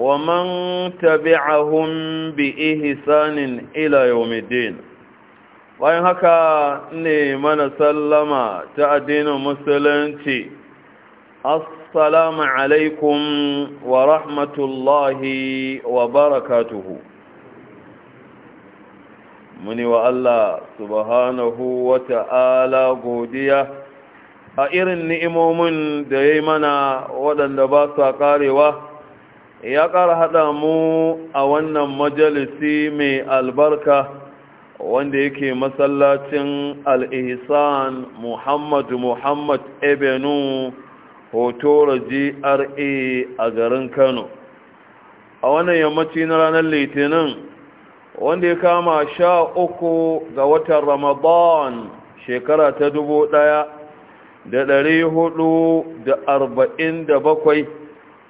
ومن تبعهم بإحسان إلى يوم الدين bayan haka ne mana sallama ta addinin musulunci assalamu alaikum wa rahmatullahi wa barakatu. muni wa Allah subhanahu wa ta'ala godiya a irin ni'imomin da ya mana waɗanda ba sa ƙarewa ya ƙara haɗa mu a wannan majalisi mai albarka wanda yake masallacin al'ihisan muhammad muhammad ebenu hotora gra a garin kano a wannan yammaci na ranar litinin wanda ya kama sha uku ga watan ramadan shekara ta dubu ɗaya da ɗari hudu da arba'in da bakwai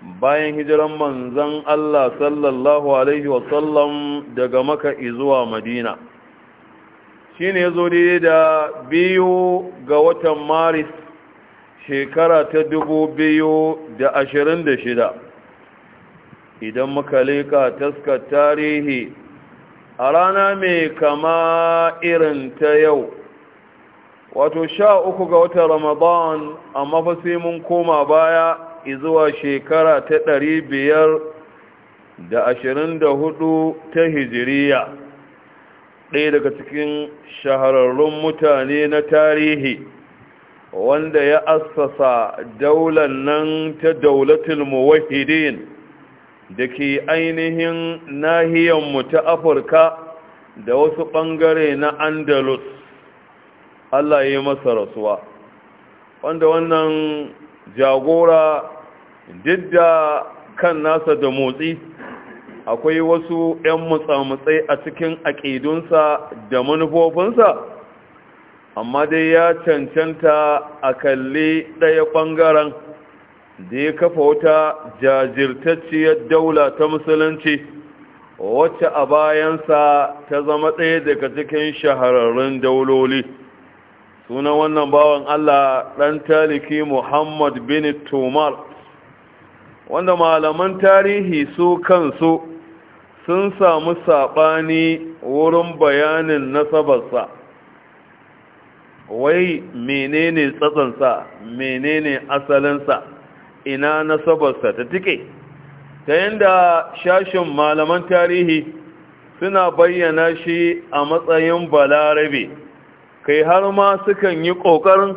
bayan hijiran manzan Allah sallallahu Alaihi wasallam daga maka izuwa madina shi ne zo da biyu ga watan maris shekara ta dubu biyu da ashirin da shida idan muka leka taskar tarihi a rana mai kama irin ta yau wato sha uku ga watan ramadan amma fa mun koma baya izuwa shekara ta ɗari biyar da ashirin da hudu ta hijiriya ɗaya daga cikin shahararrun mutane na tarihi wanda ya assasa daular nan ta daulatul muwahidin da ke ainihin nahiyanmu ta afirka da wasu ɓangare na andalus allah ya yi masa rasuwa wanda wannan jagora duk da kan nasa da motsi akwai wasu 'yan mutsamutsai a cikin aƙidunsa da manufofinsa amma dai ya cancanta a kalli ɗaya ɓangaren da ya kafa wata jajirtacciyar daula ta musulunci wacce a bayansa ta zama ɗaya daga cikin shahararrun dauloli sunan wannan bawan Allah ɗan taliki Muhammad bin Tumar wanda malaman tarihi su kansu sun samu saɓani wurin bayanin nasabarsa wai menene tsatsansa menene asalinsa ina nasabarsa ta tike ta yadda shashin malaman tarihi suna bayyana shi a matsayin balarabe kai har ma sukan yi ƙoƙarin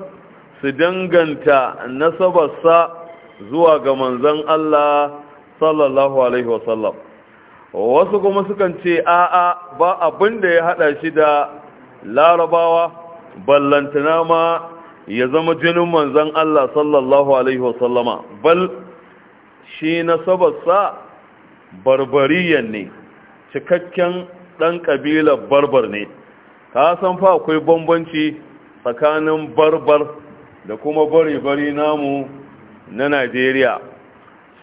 su danganta nasabarsa zuwa ga manzan Allah sallallahu alaihi wasallam wasu kuma sukan ce a'a ba abin da ya haɗa shi da larabawa ballantana ma ya zama jinin manzan Allah sallallahu alaihi wasallama bal shi nasabarsa barbariyan ne cikakken ɗan ƙabilar barbar ne ka san fa akwai bambanci tsakanin barbar da kuma bari-bari namu na najeriya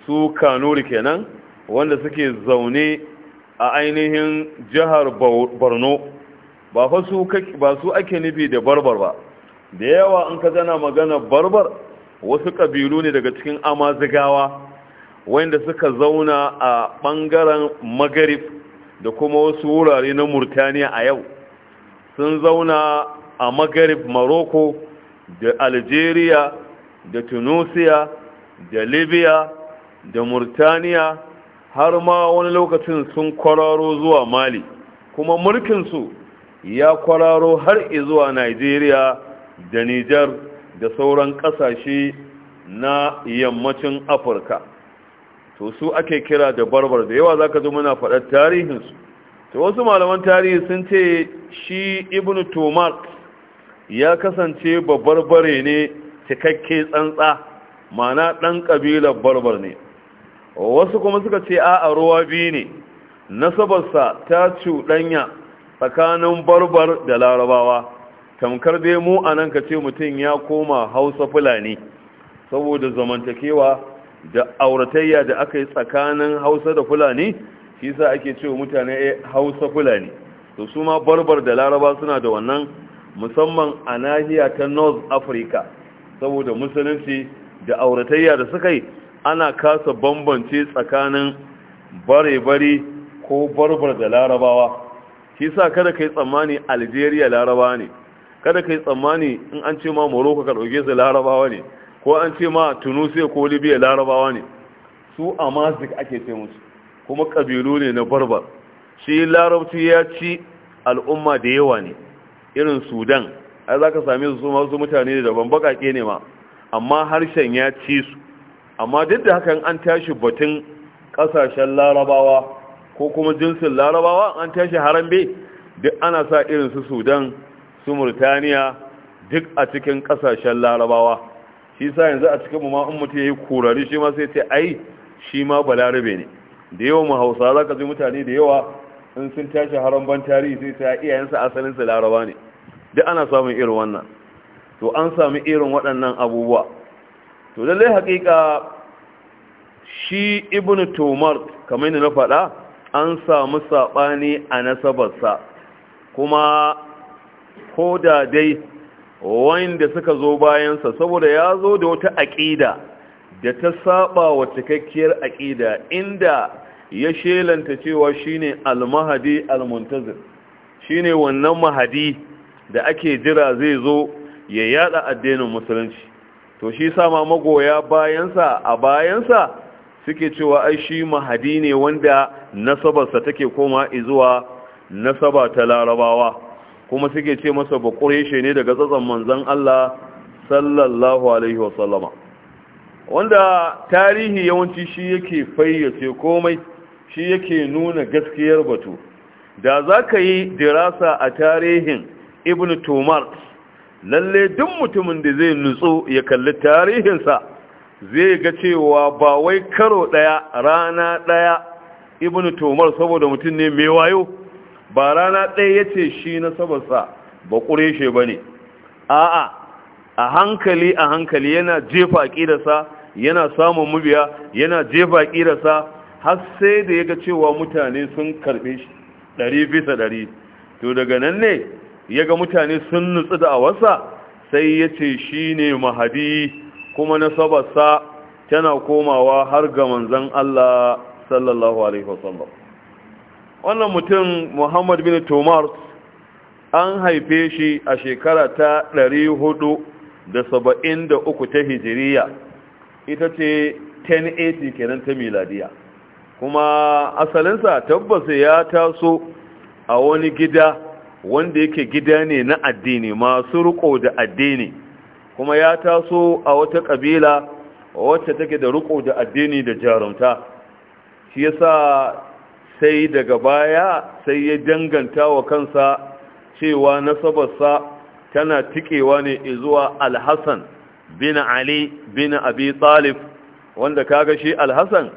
su kanuri kenan wanda suke zaune a ainihin jihar borno ba fa su ba su ake nufi da barbar ba da yawa an ka gana magana barbar wasu kabilu ne daga cikin amazigawa wanda suka zauna a bangaren magarib da kuma wasu wurare na murtaniya a yau sun zauna a magarib Maroko, da algeria da tunisia da libya da murtaniya har ma wani lokacin sun kwararo zuwa mali kuma mulkinsu ya kwararo har zuwa nigeria da Nijar, da sauran kasashe na yammacin afirka to su ake kira da barbar da yawa za ka zo muna faɗar tarihinsu to wasu malaman tarihi sun ce shi ibn tomar ya kasance babbar bare ne cikakke tsantsa mana ɗan ƙabilar barbar ne wasu kuma suka ce a a ruwa biyu ne nasabarsa ta cuɗanya tsakanin barbar da larabawa tamkar dai mu a nan ka ce mutum ya koma hausa fulani saboda zamantakewa da auratayya da aka yi tsakanin hausa da fulani shi yasa ake cewa mutane eh Hausa Fulani to su ma barbar da Laraba suna da wannan musamman a nahiya ta North Africa saboda musulunci da auratayya da suka yi ana kasa bambance tsakanin bare-bare ko barbar da larabawa shi sa kada ka yi tsammani algeria laraba ne kada ka yi tsammani in an ce ma morocco ka ɗauke su larabawa ne ko an ce ma tunisia ko libya larabawa ne su amazik ake ce musu kuma ƙabilu ne na barbar shi larabci ya ci al'umma da yawa ne irin sudan ai za ka sami su masu mutane da daban baƙaƙe ne ma amma harshen ya ci su amma duk da hakan an tashi batun ƙasashen larabawa ko kuma jinsin larabawa an tashi harambe duk ana sa irin su sudan su murtaniya duk a cikin ƙasashen larabawa shi sa yanzu a cikin mu ma in mutum ya yi kurari shi ma sai ce ai shi ma balarabe ne da yawan hausa za ka ji mutane da yawa in sun tashi haram ban tarihi sai ta iyayensa asalinsa laraba ne duk ana samun irin wannan to an sami irin waɗannan abubuwa to lallai haƙiƙa shi Ibnu tomar kamar yadda na faɗa an samu saɓani a nasabarsa kuma ko da dai wanda suka zo bayansa saboda ya zo da wata aƙida da ta saba wa cikakkiyar aƙida inda ya shelanta cewa shine al mahadi al-muntazir shine wannan mahadi da ake jira zai zo ya yada addinin musulunci to shi sama magoya bayansa a bayansa suke cewa ai shi mahadi ne wanda nasabarsa take koma zuwa nasaba ta larabawa kuma suke ce masa bakureshe ne daga tsatsan manzan Allah sallallahu alaihi wasallama wanda tarihi yawanci shi yake fayyace komai shi yake nuna gaskiyar batu da za ka yi dirasa a tarihin ibn Tumar lalle duk mutumin da zai nutsu ya kalli tarihinsa zai ga cewa ba wai karo ɗaya rana ɗaya ibn Tumar saboda mutum ne mai wayo ba rana ɗaya ya ce shi na sabarsa ba ƙureshe ba ne a'a a hankali a hankali yana jefa ƙirarsa yana samun mubiya yana jefa ƙirarsa har sai da ya ga cewa mutane sun karbe shi ɗari bisa ɗari to daga nan ne ya ga mutane sun nutsu da awarsa sai ya ce shi ne mahadi kuma nasabarsa tana komawa har ga manzan Allah sallallahu alaihi wasallam wannan mutum Muhammad bin Tomar an haife shi a shekara ta da 473 ta hijiriya ita ce 1080 kenan ta miladiya kuma asalinsa tabbas ya taso a wani gida wanda yake gida ne na addini masu riko da addini kuma ya taso a wata kabila wacce take da riko da addini da jarumta shi yasa sai daga baya sai ya danganta wa kansa cewa nasabarsa tana tikewa ne zuwa alhassan bin ali bin abi talib wanda kaga shi alhassan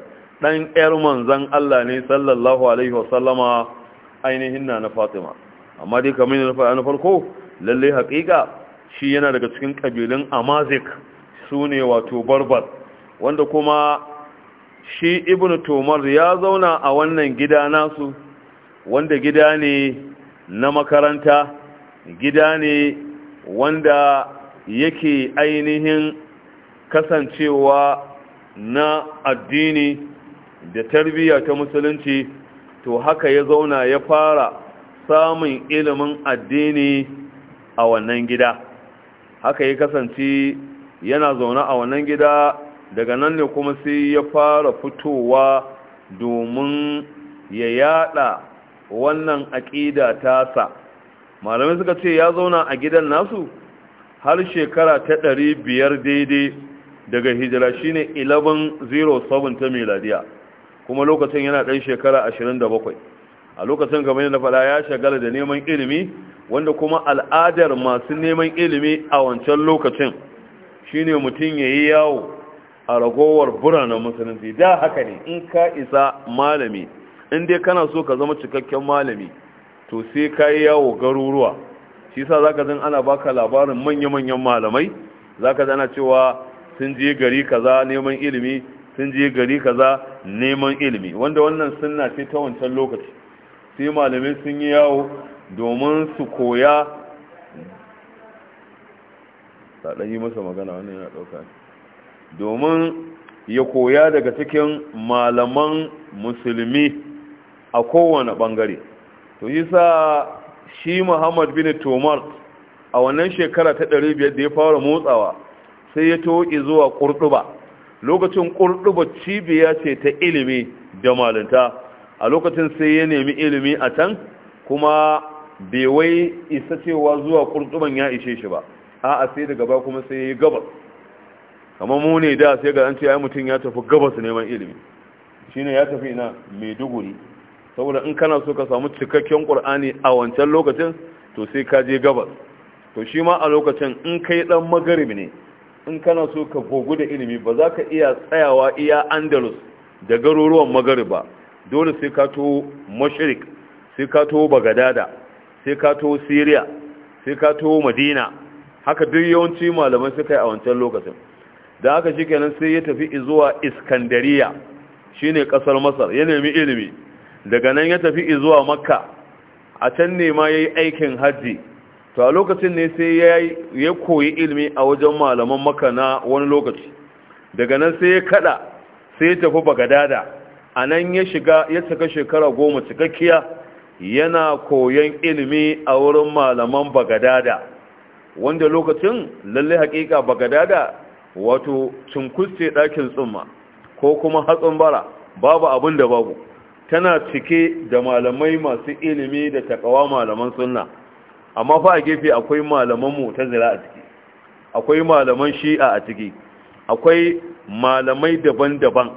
ɗan ƴar manzan Allah ne sallallahu alaihi wasallama ainihin na na Fatima amma dai kamar ne faɗa na farko Lallai haƙiƙa shi yana daga cikin ƙabilun Amazik sune wato Barbar wanda kuma shi Ibn Tumar ya zauna a wannan gida nasu wanda gida ne na makaranta gida ne wanda yake ainihin kasancewa na addini da tarbiyya ta musulunci to haka ya zauna ya fara samun ilimin addini a wannan gida haka ya kasance yana zauna a wannan gida daga nan ne kuma sai ya fara fitowa domin ya yada wannan aƙida tasa malamai suka ce ya zauna a gidan nasu har shekara ta ɗari daidai daga hijira shine 1107 ta miladiya kuma lokacin yana ɗan shekara 27 a lokacin game da fada ya shagala da neman ilimi wanda kuma al'adar masu neman ilimi a wancan lokacin shine mutum ya yi yawo a ragowar biranen musulunci da haka ne in ka isa malami in dai kana so ka zama cikakken malami to sai ka yi yawo garuruwa shi sa za ka zan ana baka labarin manya-manyan malamai za ka zana cewa sun je gari kaza neman ilimi sun je gari kaza neman ilimi wanda wannan sunna ce ta wancan lokaci sai malamai sun yi yawo domin su koya sadan yi masa magana wannan yana dauka domin ya koya daga cikin malaman musulmi a kowane bangare to yi shi muhammad bin tomar a wannan shekara ta 500 da ya fara motsawa sai ya toki zuwa Kurduba lokacin ƙurɗuba cibiya ce ta ilimi da malinta a lokacin sai ya nemi ilimi a can kuma bai wai isa cewa zuwa ƙurɗuban ya ishe shi ba a'a sai daga ba kuma sai ya yi gabas kamar mu ne da sai ga an ce ya mutum ya tafi gabas neman ilimi shi ne ya tafi ina duguri saboda in kana so ka samu cikakken ƙur'ani a wancan lokacin to sai ka je gabas to shi ma a lokacin in kai ɗan magarib ne in kana so ka gogu da ilimi ba za ka iya tsayawa iya andalus da garuruwan magari ba dole sai ka to mashirik sai ka to bagadada sai ka to siriya sai ka to madina haka duk yawanci malamai suka yi a wancan lokacin da haka shi kenan sai ya tafi zuwa iskandariya shine kasar masar ya nemi ilimi daga nan ya tafi zuwa makka a can ne ma ya yi aikin hajji to a lokacin ne sai ya koyi ilimi a wajen malaman maka na wani lokaci daga nan sai ya kada sai ya tafi bagadada a nan ya shiga ya cika shekara goma cikakkiya yana koyon ilimi a wurin malaman bagadada wanda lokacin lalle hakika bagadada wato cinkuste ɗakin tsumma ko kuma hatsin bara babu abin da babu tana cike da malamai masu ilimi da takawa malaman sunna amma fa a gefe akwai malaman mu'tazila a ciki akwai malaman shi'a a ciki akwai malamai daban-daban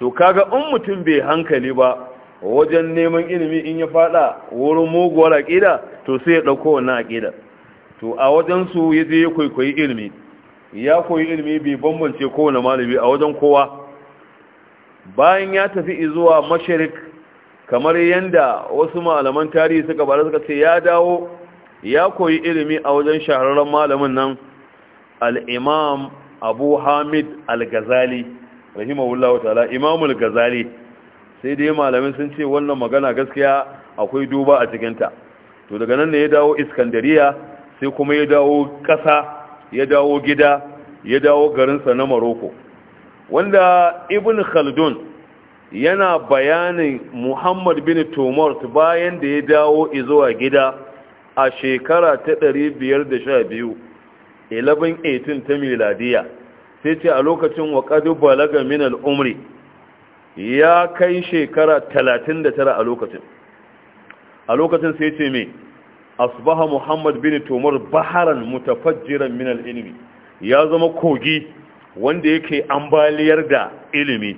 to kaga in mutum bai hankali ba wajen neman ilimi in ya fada wurin muguwar aƙida to sai ya ɗauko wannan aqida to a wajen su yaje ya kwaikwayi ilimi ya koyi ilimi bai bambance kowane malami a wajen kowa bayan ya tafi zuwa masharik kamar yanda wasu malaman tarihi suka bara suka ce ya dawo ya koyi ilimi a wajen shahararren malamin nan al’imam abu hamid al-gazali rahimahullahu ta'ala imamul gazali sai dai malamin sun ce wannan magana gaskiya akwai duba a cikinta to daga nan ne ya dawo iskandariya sai kuma ya dawo ƙasa ya dawo gida ya dawo garinsa na maroko wanda ibn khaldun yana bayanin muhammad bin tomart bayan da ya dawo izuwa gida a shekara ta 512 1118 ta miladiya sai ce a lokacin wa balaga min Umri ya kai shekara 39 a lokacin a lokacin sai ce mai asbaha muhammad bin tomar baharan mutafajjiran min Ilmi, ya zama kogi wanda yake ambaliyar da ilimi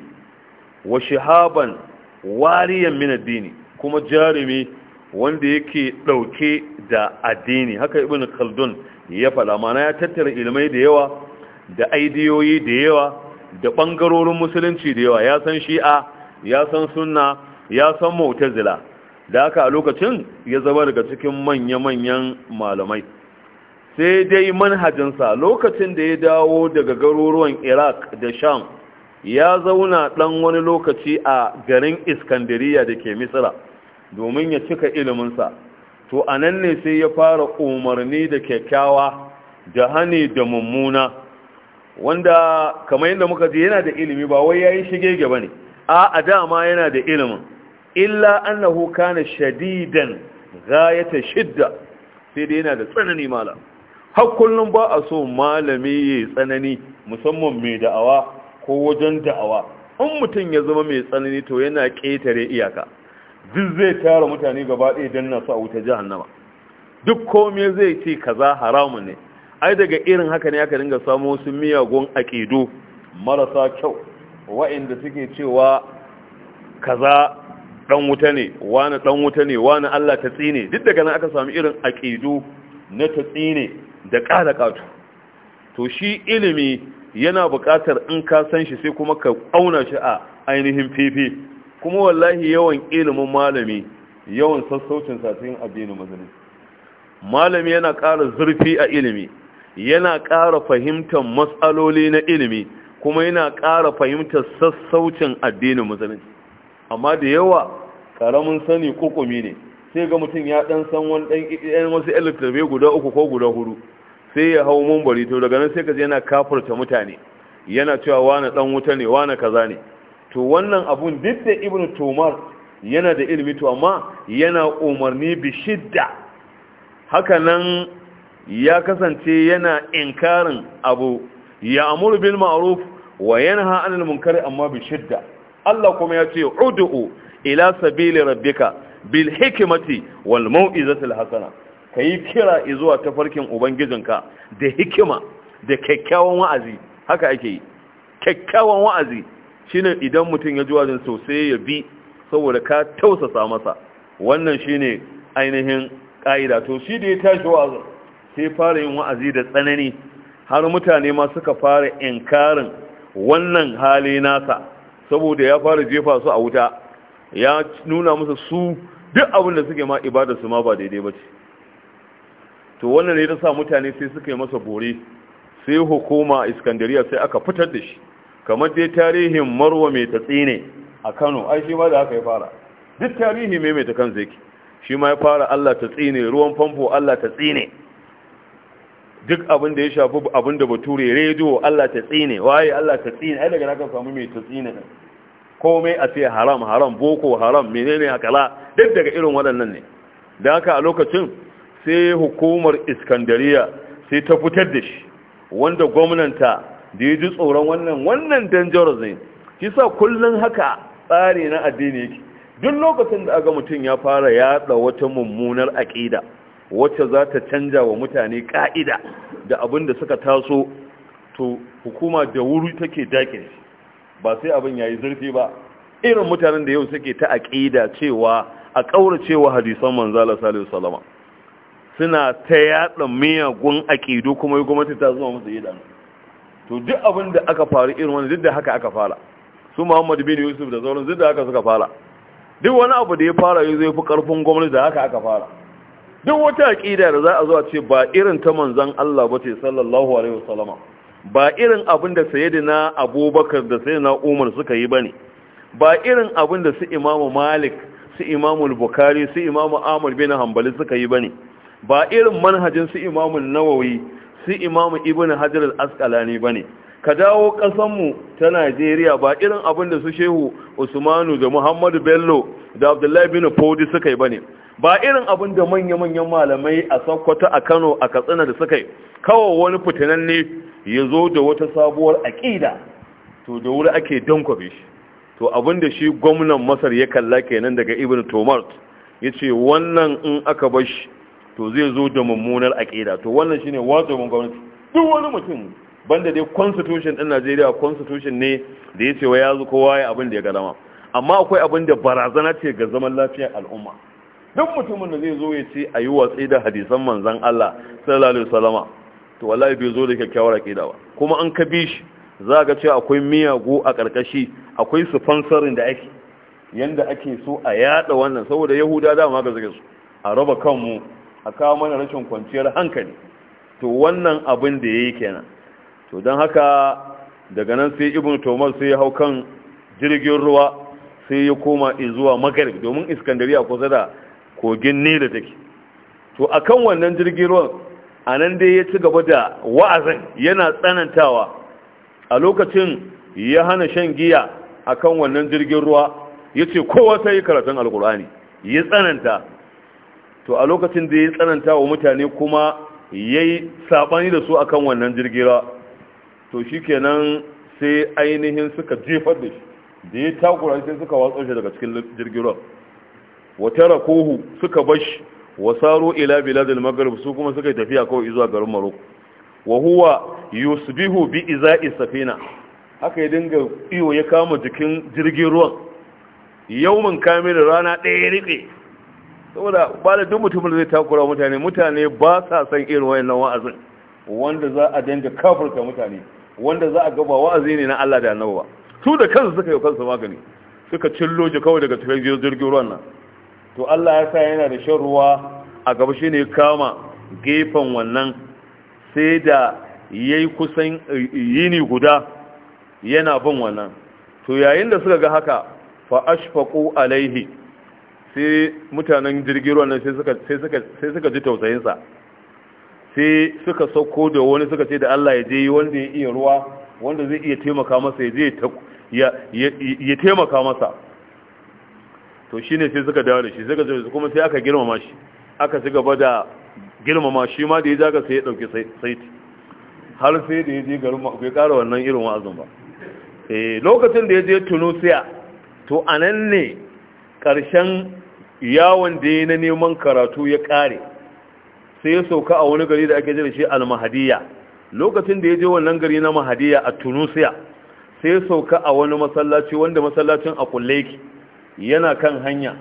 wa shahaban wariyan min kuma jarumi wanda yake ɗauke da addini haka ibn khaldun ya faɗa mana ya tattara ilmai da yawa da aidiyoyi da yawa da ɓangarorin musulunci da yawa ya san shi'a ya san sunna ya san mu'tazila da haka a lokacin ya zama daga cikin manya-manyan malamai sai dai manhajinsa lokacin da ya dawo daga garuruwan iraq da sham ya zauna ɗan wani lokaci a garin iskandariya da ke misira domin ya cika iliminsa to a nan ne sai ya fara umarni da kyakkyawa da hani da mummuna wanda kamar yadda muka ji yana da ilimi ba wai yayin shige gaba ne a a dama yana da ilimin illa annahu kana shadidan gayata shidda sai dai yana da tsanani malam har kullum ba a so malami ya tsanani musamman mai da'awa ko wajen da'awa in mutum ya zama mai tsanani to yana ƙetare iyaka duk zai tara mutane gaba ɗaya don nasu a wuta jahannama duk kome zai ce kaza haramun ne ai daga irin haka ne aka dinga samu wasu miyagun aƙidu marasa kyau wa'inda suke cewa kaza ɗan wuta ne wani ɗan wuta ne wani Allah ta tsine duk daga nan aka samu irin aƙidu na ta tsine da ƙada ƙato to shi ilimi yana buƙatar in ka san shi sai kuma ka ƙauna shi a ainihin fifi kuma wallahi yawan ilimin malami yawan sassaucin satin addinin musulmi malami yana ƙara zurfi a ilimi yana ƙara fahimtar matsaloli na ilimi kuma yana ƙara fahimtar sassaucin addinin musulunci amma da yawa ƙaramin sani kukumi ne sai ga mutum ya ɗan san wani ɗan wasu guda uku ko guda hudu sai ya hau mumbari to daga nan sai ka je yana kafarta mutane yana cewa wane ɗan wuta ne wane kaza ne to wannan abun duk da ibn tumar yana da ilimi to amma yana umarni bi shidda hakanan ya kasance yana inkarin abu ya amuru bil ma'ruf wa yanha 'anil munkari amma bi shidda Allah kuma ya ce ud'u ila sabili rabbika bil hikmati wal al hasana kai kira zuwa tafarkin ubangijinka da hikima da kyakkyawan wa'azi haka ake yi kyakkyawan wa'azi shine idan mutum ya ji jin sosai ya bi saboda ka tausasa masa wannan shine ainihin ƙa'ida to shi da ya tashi wa'azi sai fara yin wa'azi da tsanani har mutane ma suka fara inkarin wannan hali nasa saboda ya fara jefa su a wuta ya nuna musu su duk abin da suke ma su ma ba daidai ba ce to wannan ne ta sa mutane sai suka yi masa bore sai hukuma iskandariya sai aka fitar da shi kamar dai tarihin marwa mai tatsi ne a kano ai shi ma da aka yi fara duk tarihi mai mai ta kan zai shi ma ya fara allah ta tsine ruwan famfo allah ta tsine duk abin da ya shafi abin da bature rediyo allah ta tsine waye allah ta tsine ai daga naka samu mai ta tsine komai a ce haram haram boko haram menene hakala duk daga irin waɗannan ne da haka a lokacin sai hukumar iskandariya sai ta fitar da shi wanda gwamnanta da ya ji tsoron wannan wannan dangerous ne shi sa kullum haka tsari na addini yake duk lokacin da aga mutum ya fara yada wata mummunar aƙida wacce za ta canja wa mutane ƙa'ida da abin da suka taso to hukuma da wuri take dakin ba sai abin ya zurfi ba irin mutanen da yau suke ta aƙida cewa a ƙauracewa hadisan manzala salisu salama suna ta yatsa miyagun aƙidu kuma yi gwamnati ta zuwa musu idanu to duk abin da aka faru irin wani duk da haka aka fara su muhammadu bin yusuf da sauran duk da haka suka fara duk wani abu da ya fara yi zai fi karfin gwamnati da haka aka fara duk wata aƙida da za a zo a ce ba irin ta manzan Allah ba ce sallallahu alaihi wasallama ba irin abin da na abubakar da na umar suka yi ba ne? ba irin abin da su imamu malik su imamu bukhari su imamu amur bin hanbali suka yi ba ne? ba irin manhajin su imamu nawawi su imamu ibn hajar al-asqalani bane ka dawo kasanmu ta najeriya ba irin abin da su shehu usmanu da muhammadu bello da abdullahi bin fodi suka yi bane ba irin abin da manya-manyan malamai a sokoto a kano a katsina da suka yi kawo wani fitinan ne ya zo da wata sabuwar aƙida to da wuri ake dankwabe shi to abin da shi gwamnan masar ya kalla kenan daga ibn tomart ya ce wannan in aka bar to zai zo da mummunar aƙida to wannan shine wato mun gwamnati duk wani mutum banda dai constitution din Najeriya constitution ne da ya ce wa ya kowa ya abin da ya ga amma akwai abin da barazana ce ga zaman lafiyar al'umma duk mutumin da zai zo ya ce a yi watsi da hadisan manzon Allah sallallahu alaihi wasallama to wallahi bai zo da kyakkyawar aƙida ba kuma an ka bi shi za ga ce akwai miyagu a ƙarƙashi akwai sponsorin da ake yanda ake so a yada wannan saboda yahuda dama ga zage su a raba kanmu a kawo mana rashin kwanciyar hankali to wannan abin da ya yi kenan to don haka daga nan sai ibn tomar sai ya hau kan jirgin ruwa sai ya koma zuwa magarib domin iskandariya kusa da kogin da take to a wannan jirgin ruwan a nan dai ya ci gaba da wa'azin yana tsanantawa a lokacin ya hana shan giya akan wannan jirgin ruwa ya ce kowa sai yi karatun alkur'ani ya tsananta to a lokacin da ya tsananta wa mutane kuma ya yi saɓani da su akan wannan jirgira to shi kenan sai ainihin suka jefar da shi da ya takura sai suka watsar shi daga cikin jirgira wata rakohu suka bashi wasaro ila biladul magarib su kuma suka yi tafiya kawai zuwa garin maroko wa huwa yusbihu bi iza'i safina haka ya dinga iyo ya kama jikin jirgin ruwan yawmin kamil rana ɗaya rike saboda ba da duk mutumin zai takura mutane mutane ba sa san irin nan wa'azin wanda za a danga kafirta mutane wanda za a gaba ba wa'azi ne na Allah da nawa. ba su da kansu suka yi kansu magani suka cillo ji kawai daga tafiyar jirgin ruwan nan to Allah ya sa yana da shan ruwa a gaba shine kama gefen wannan sai da yayi kusan eh, yini guda yana bin wannan to yayin da suka ga haka fa ashfaqu alaihi sai mutanen jirgin ruwan nan sai suka ji tausayinsa sai suka sauko da wani suka ce da Allah ya je wanda ya iya ruwa wanda zai iya taimaka masa ya je ya taimaka masa to shi ne sai suka dawo da shi suka zai kuma sai aka girmama shi aka ci gaba da girmama shi ma da ya zaga sai ya ɗauki saiti har sai da ya je garin ma bai ƙara wannan irin wa'azin ba eh, lokacin da ya je tunisia to a nan ne ƙarshen yawon da ya na neman karatu ya ƙare sai ya sauka a wani gari da ake jira shi al al-mahadiyya lokacin da ya je wannan gari na mahadiya a tunisia sai ya sauka a wani masallaci wanda masallacin a kulleki yana kan hanya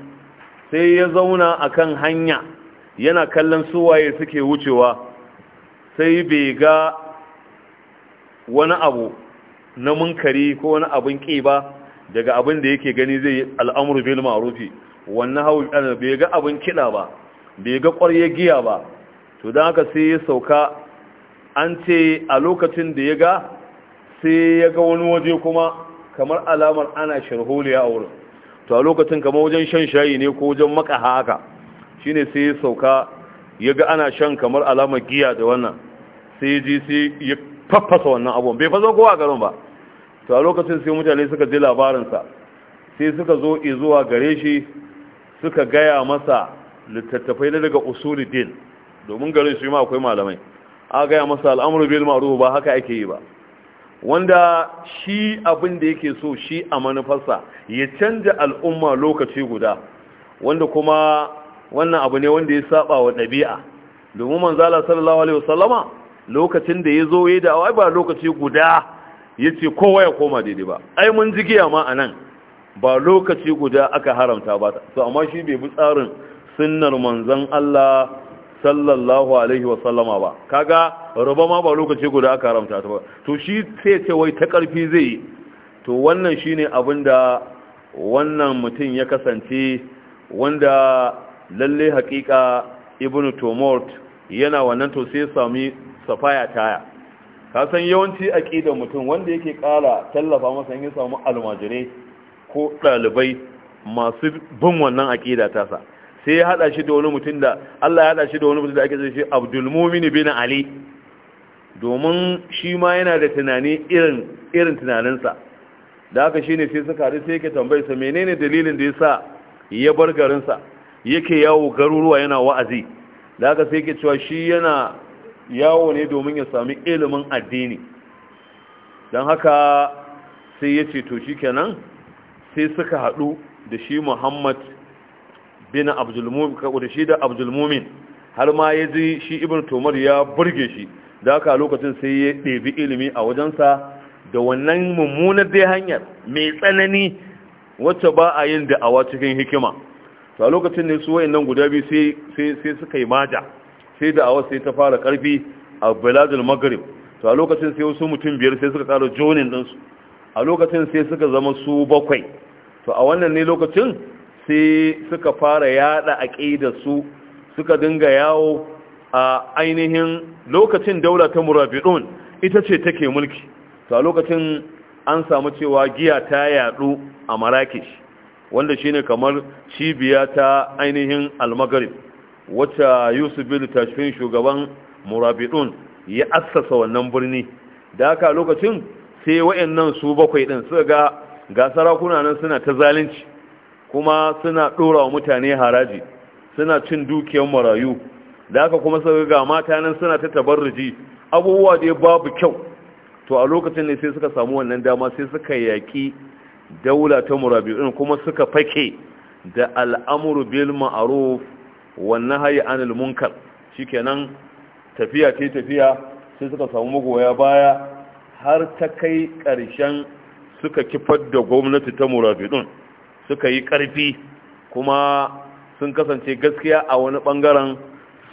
sai ya zauna a kan hanya yana kallon suwaye suke wucewa sai bai ga wani abu na munkari ko wani abin ƙi ba daga abin da yake gani zai al'amur bil ma'rufi wannan hawan ɗan bai ga abin kiɗa ba bai ga ƙwarye giya ba to don haka sai ya sauka an ce a lokacin da ya ga sai ya ga wani waje kuma kamar alamar ana sharholiya a wurin to a lokacin kamar wajen shan shayi ne ko wajen maka haka shi ne sai ya sauka ya ga ana shan kamar alamar giya da wannan sai ya ji sai ya faffasa wannan abubuwan bai fasa kowa garin ba to a lokacin sai mutane suka ji labarinsa sai suka zo izuwa gare shi suka gaya masa littattafai na daga din domin garin su yi ma akwai malamai a gaya masa al'amuru bil ma'ruf ba haka ake yi ba wanda shi abin da yake so shi a manufarsa ya canja al'umma lokaci guda wanda kuma wannan abu ne wanda ya saba wa ɗabi'a domin manzala sallallahu alaihi wasallama lokacin da ya zo ya da ba lokaci guda ya ce kowa ya koma daidai ba ai mun jigiya ma a nan ba lokaci guda aka haramta ba to amma shi bai bi tsarin sunnar manzon Allah sallallahu alaihi wa sallama ba kaga ruba ma ba lokaci guda aka haramta ta ba to shi sai ce wai ta karfi zai to wannan shine abinda wannan mutum ya kasance wanda lalle haƙiƙa ibnu tomort yana wannan to sai sami safaya taya kasan yawanci aqidar mutum wanda yake kara tallafa masa yin samu almajirai ko ɗalibai masu bin wannan aƙida tasa sai ya haɗa shi da wani mutum da Allah ya haɗa shi da wani mutum da ake shi Abdulmumin bin Ali domin shi ma yana da tunani irin irin tunaninsa da haka shine sai suka haɗu sai yake tambaye sa menene dalilin da yasa ya bar garinsa yake yawo garuruwa yana wa'azi da haka sai yake cewa shi yana yawo ne domin ya sami ilimin addini don haka sai ya ce to shikenan sai suka haɗu da shi muhammad bin abdulmumin har ma ya ji shi ibn tomar ya burge shi da haka lokacin sai ya debi ilimi a wajensa da wannan mummunar dai hanyar mai tsanani wacce ba a yin da'awa cikin hikima to a lokacin ne su wayannan guda biyu sai suka yi maja sai da'awa sai ta fara karfi a biladul maghrib to a lokacin sai wasu mutum biyar sai suka kara jonin dansu a lokacin sai suka zama su bakwai to a wannan ne lokacin sai suka fara yada aqida su suka dinga yawo a ainihin lokacin daula ta murabidun ita ce take mulki to a lokacin an samu cewa giya ta yadu a Marrakesh, wanda shine kamar cibiya ta ainihin almagrib wacce yusuf bin tashfin shugaban murabidun ya assasa wannan birni da haka lokacin sai wayannan su bakwai ɗin suka ga ga sarakuna nan suna ta zalunci kuma suna dora wa mutane haraji suna cin dukiyar marayu da haka kuma suka ga mata nan suna ta tabarruji abubuwa da babu kyau to a lokacin ne sai suka samu wannan dama sai suka yaki daula ta murabi'in kuma suka fake da al'amuru bil ma'ruf wannan hayi anil munkar shikenan tafiya ce tafiya sai suka samu magoya baya har ta kai ƙarshen suka kifar da gwamnati ta murafidun suka yi ƙarfi kuma sun kasance gaskiya a wani ɓangaren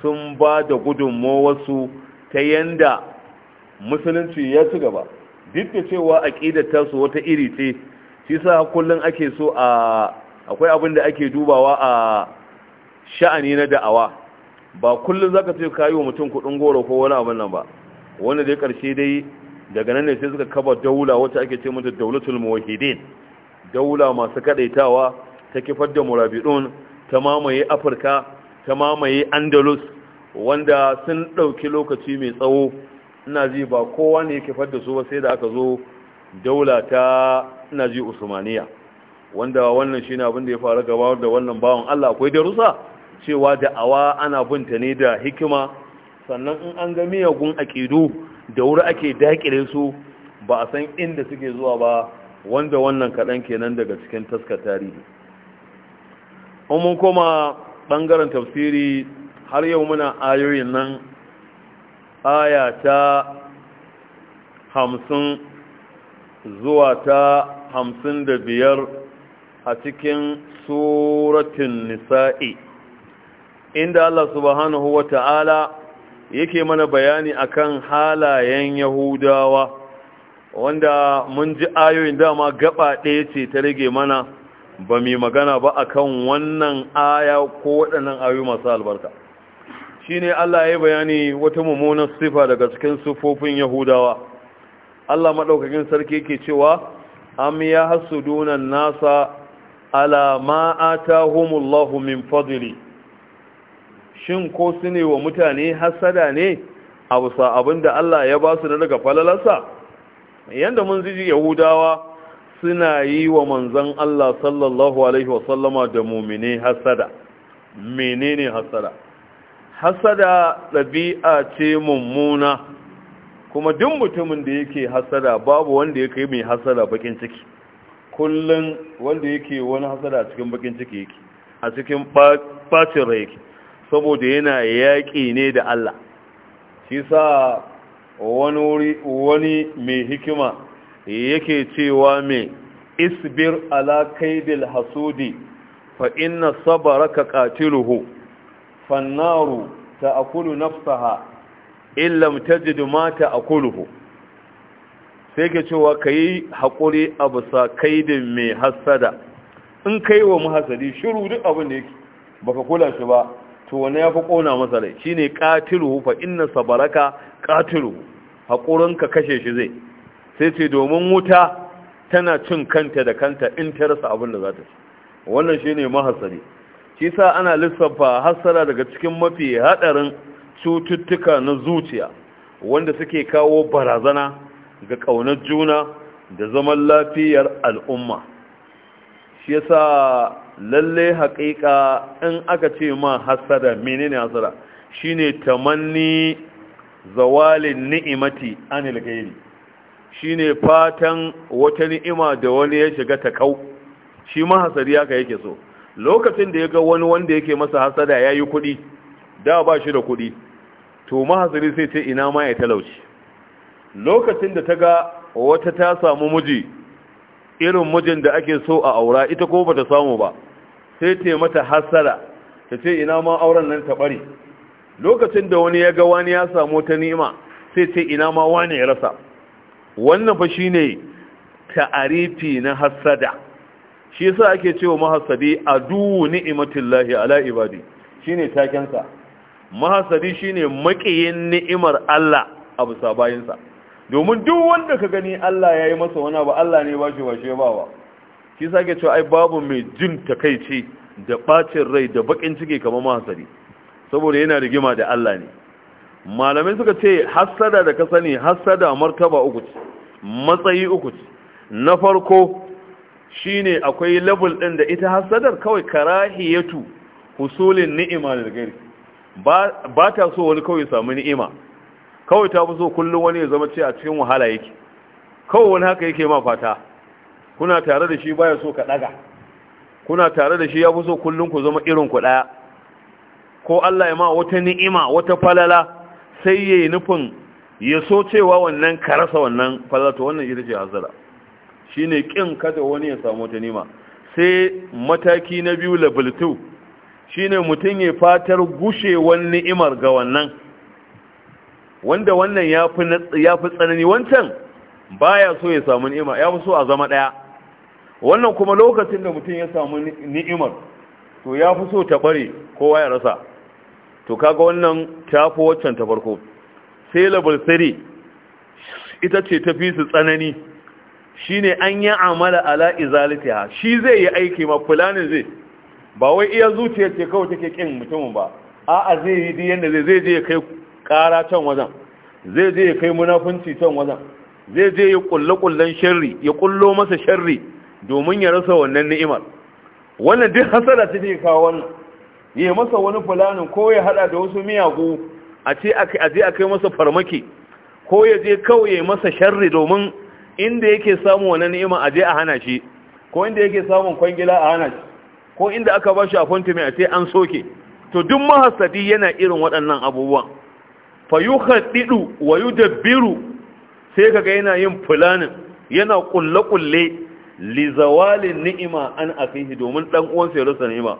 sun ba da gudunmowarsu ta yanda musulunci ya ci gaba duk da cewa aƙidar tasu wata iri ce shi sa kullum ake so a akwai abin da ake dubawa a sha'ani na da'awa ba kullum za ka ce kayi wa mutum kuɗin goro ko wani abin nan ba wanda dai ƙarshe dai daga nan ne sai suka kaba daula wacce ake ce mata daulatul muwahhidin daula masu kadaitawa ta kifar da murabidun ta mamaye afirka ta mamaye andalus wanda sun ɗauki lokaci mai tsawo ina ji ba kowa ne kifar da su ba sai da aka zo daula ta ina ji usmaniya wanda wannan shi ne abin da ya faru gaba da wannan bawan allah akwai darussa cewa da'awa ana binta ne da hikima sannan in an ga miyagun aƙidu da wuri ake dakire su ba a san inda suke zuwa ba wanda wannan kaɗan kenan daga cikin taskar tarihi mun koma ɓangaren tafsiri har yau muna ayoyin nan aya ta hamsin zuwa ta hamsin da biyar a cikin suratun nisa'i inda Allah subhanahu wa ta'ala yake mana bayani akan halayen yahudawa wanda mun ji ayoyin dama gaba ɗaya ce ta rage mana ba mai magana ba akan wannan aya ko waɗannan ayoyi masu albarka shine Allah ya bayani wata mummunan sifa daga cikin sufofin yahudawa Allah maɗaukakin sarki yake cewa am ya hasudunan nasa ala ma atahumullahu min fadli shin ko su ne wa mutane hasada ne a bisa abin da Allah ya ba su na daga falalarsa yadda mun ziji yahudawa suna yi wa manzan Allah sallallahu alaihi wasallama da mumine hasada menene hasada hasada ɗabi'a ce mummuna kuma duk mutumin da yake hasada babu wanda ya kai mai hasada bakin ciki kullum wanda yake wani hasada a cikin bakin ciki yake a cikin bacin rai yake saboda yana yaƙi ne da Allah shi sa wani mai hikima yake cewa mai isbir ala kaidil hasudi fa inna sabaraka qatiluhu fannaru ta'kulu nafsaha ta lam tajid ma ta'kuluhu sai ke cewa kai hakuri abu sa kaidin mai hasada in kai wa mahasari shiru duk abin da yake baka kula shi ba to wani ya fi ƙona masa rai shi ne ƙatiru fa inna sabaraka ƙatiluhu haƙurinka kashe shi zai sai ce domin wuta tana cin kanta da kanta in ta rasa abin da za ta ci wannan shi ne mahasari shi sa ana lissafa hasara daga cikin mafi haɗarin cututtuka na zuciya wanda suke kawo barazana ga ƙaunar juna da zaman lafiyar al'umma shi sa. lalle haƙiƙa in aka ce ma hasada menene hasada shine tamanni zawalin ni'imati anil Shi shine fatan wata ni'ima da wani ya shiga ta kau shi ma hasari haka yake so lokacin da ya ga wani wanda yake masa hasada ya yi kuɗi da ba shi da kuɗi to mahasari sai ce ina ma ya talauci lokacin da ta ga wata ta samu miji irin mijin da ake so a aura ita ko bata samu ba sai ta mata hasara ta ce ina ma auren nan ta bari? lokacin da wani ya ga wani ya samu ta nima sai ta ina ma wani ya rasa wannan fa shine ta'arifi na hasada shi yasa ake cewa mahasadi adu ni'matillahi ala ibadi shine takensa mahasadi shine maƙiyin ni'imar Allah a bisa bayinsa domin duk wanda ka gani Allah ya yi masa wani abu Allah ne ba shi ba ba ba shi sake cewa ai babu mai jin takaici da bacin rai da bakin ciki kamar mahasari saboda yana rigima da Allah ne malamai suka ce hassada da ka sani hassada martaba uku ce matsayi uku ce na farko shine akwai level din da ita hassadar kawai karahiyatu husulin ni'ima da gari ba ta so wani kawai samu ni'ima kawai ta fi so kullum wani ya zama ce a cikin wahala yake kawai wani haka yake ma fata kuna tare da shi baya so ka ɗaga kuna tare da shi ya fi so kullum ku zama irin ku ɗaya ko Allah ya ma wata ni'ima wata falala sai ya nufin ya so cewa wannan ka rasa wannan falala to wannan ita ce hazara shine kin kada wani ya samu wata ni'ima sai mataki na biyu level shi shine mutum ya fatar gushe wani ni'imar ga wannan wanda wannan ya fi tsanani wancan baya so ya samu ni'ima ya fi so a zama ɗaya wannan kuma lokacin da mutum ya samu ni'imar to ya fi so ta ɓare kowa ya rasa to kaga wannan ta fi waccan ta farko sai level 3 ita ce ta fi su tsanani shine an yi amala ala izalatiha shi zai yi aiki ma fulani zai ba wai iya zuciya ce kawai take kin mutumin ba a'a zai yi yadda zai zai je kai kara can wajen zai je ya kai munafunci can wajen zai je ya kulle kullen sharri ya kullo masa sharri domin ya rasa wannan ni'imar wannan duk hasara ta take kawo wannan ya masa wani fulanin ko ya hada da wasu miyagu a ce a je a kai masa farmaki ko ya je kawai ya masa sharri domin inda yake samu wannan ni'ima a je a hana shi ko inda yake samun kwangila a hana shi ko inda aka ba shi a mai a ce an soke to duk mahasadi yana irin waɗannan abubuwan fa yukhaddidu wa yudabbiru sai kaga yana yin fulanin yana kulle kulle li zawalin ni'ima an afihi domin dan uwan sai rasa ni'ima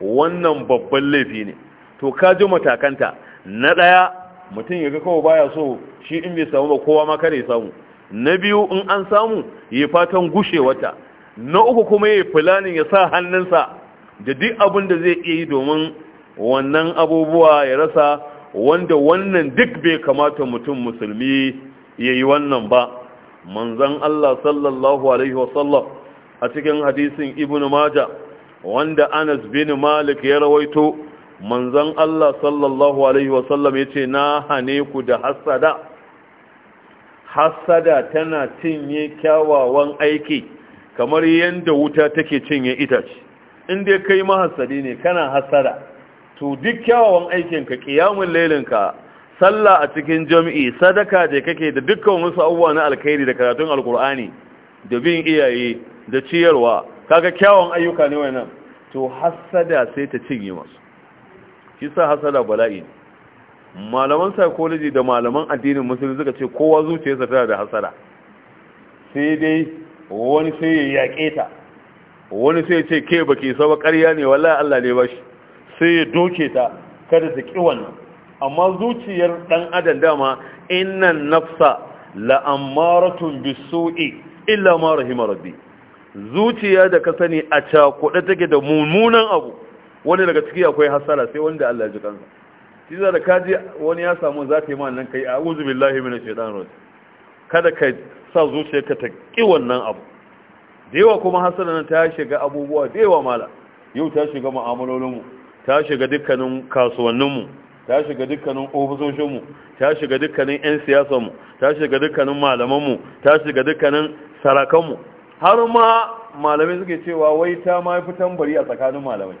wannan babban laifi ne to ka ji matakanta na daya mutum ya ga kawo baya so shi in bai samu ba kowa ma kare samu na biyu in an samu ya fatan gushe wata na uku kuma ya fulanin ya sa hannunsa da duk abin da zai iya yi domin wannan abubuwa ya rasa wanda wannan duk bai kamata mutum musulmi ya yi wannan ba manzan Allah sallallahu alaihi wasallam a cikin hadisin ibn maja wanda anas bin malik ya rawaito manzan Allah sallallahu alaihi wasallam ya ce na hane ku da hasada hasada tana cinye kyawawan aiki kamar yadda wuta take cinye itace inda dai kai mahasadi ne kana hasada to duk kyawawan aikinka ƙiyamun lailinka sallah a cikin jami'i sadaka da kake da dukkan wasu abubuwa na alkhairi da karatun alkur'ani da bin iyaye da ciyarwa kaga kyawawan ayyuka ne wannan to hasada sai ta cinye masu shi sa hasada bala'i malaman psychology da malaman addinin musulmi suka ce kowa zuciyarsa tana da hasada sai dai wani sai ya yaƙe ta wani sai ya ce ke baki saba ƙarya ne wallahi Allah ne bashi sai ya doke ta kada ta ƙi wannan amma zuciyar ɗan adam dama innan nafsa la'ammaratun bisu'i illa ma rahima rabbi zuciya da ka sani a cakuɗe take da mummunan abu wani daga ciki akwai hasara sai wanda Allah ji kansa shi da ka ji wani ya samu za ka yi ma nan kai, a'udhu billahi minash shaitanir rajim kada ka sa zuciyarka ta ƙi wannan abu da yawa kuma hasara nan ta shiga abubuwa da yawa mala yau ta shiga mu'amalolinmu ta shiga dukkanin kasuwanninmu ta shiga dukkanin ofisoshinmu ta shiga dukkanin 'yan siyasanmu ta shiga dukkanin malamanmu ta shiga dukkanin sarakanmu har ma malamai suke cewa wai ta mafi tambari a tsakanin malamai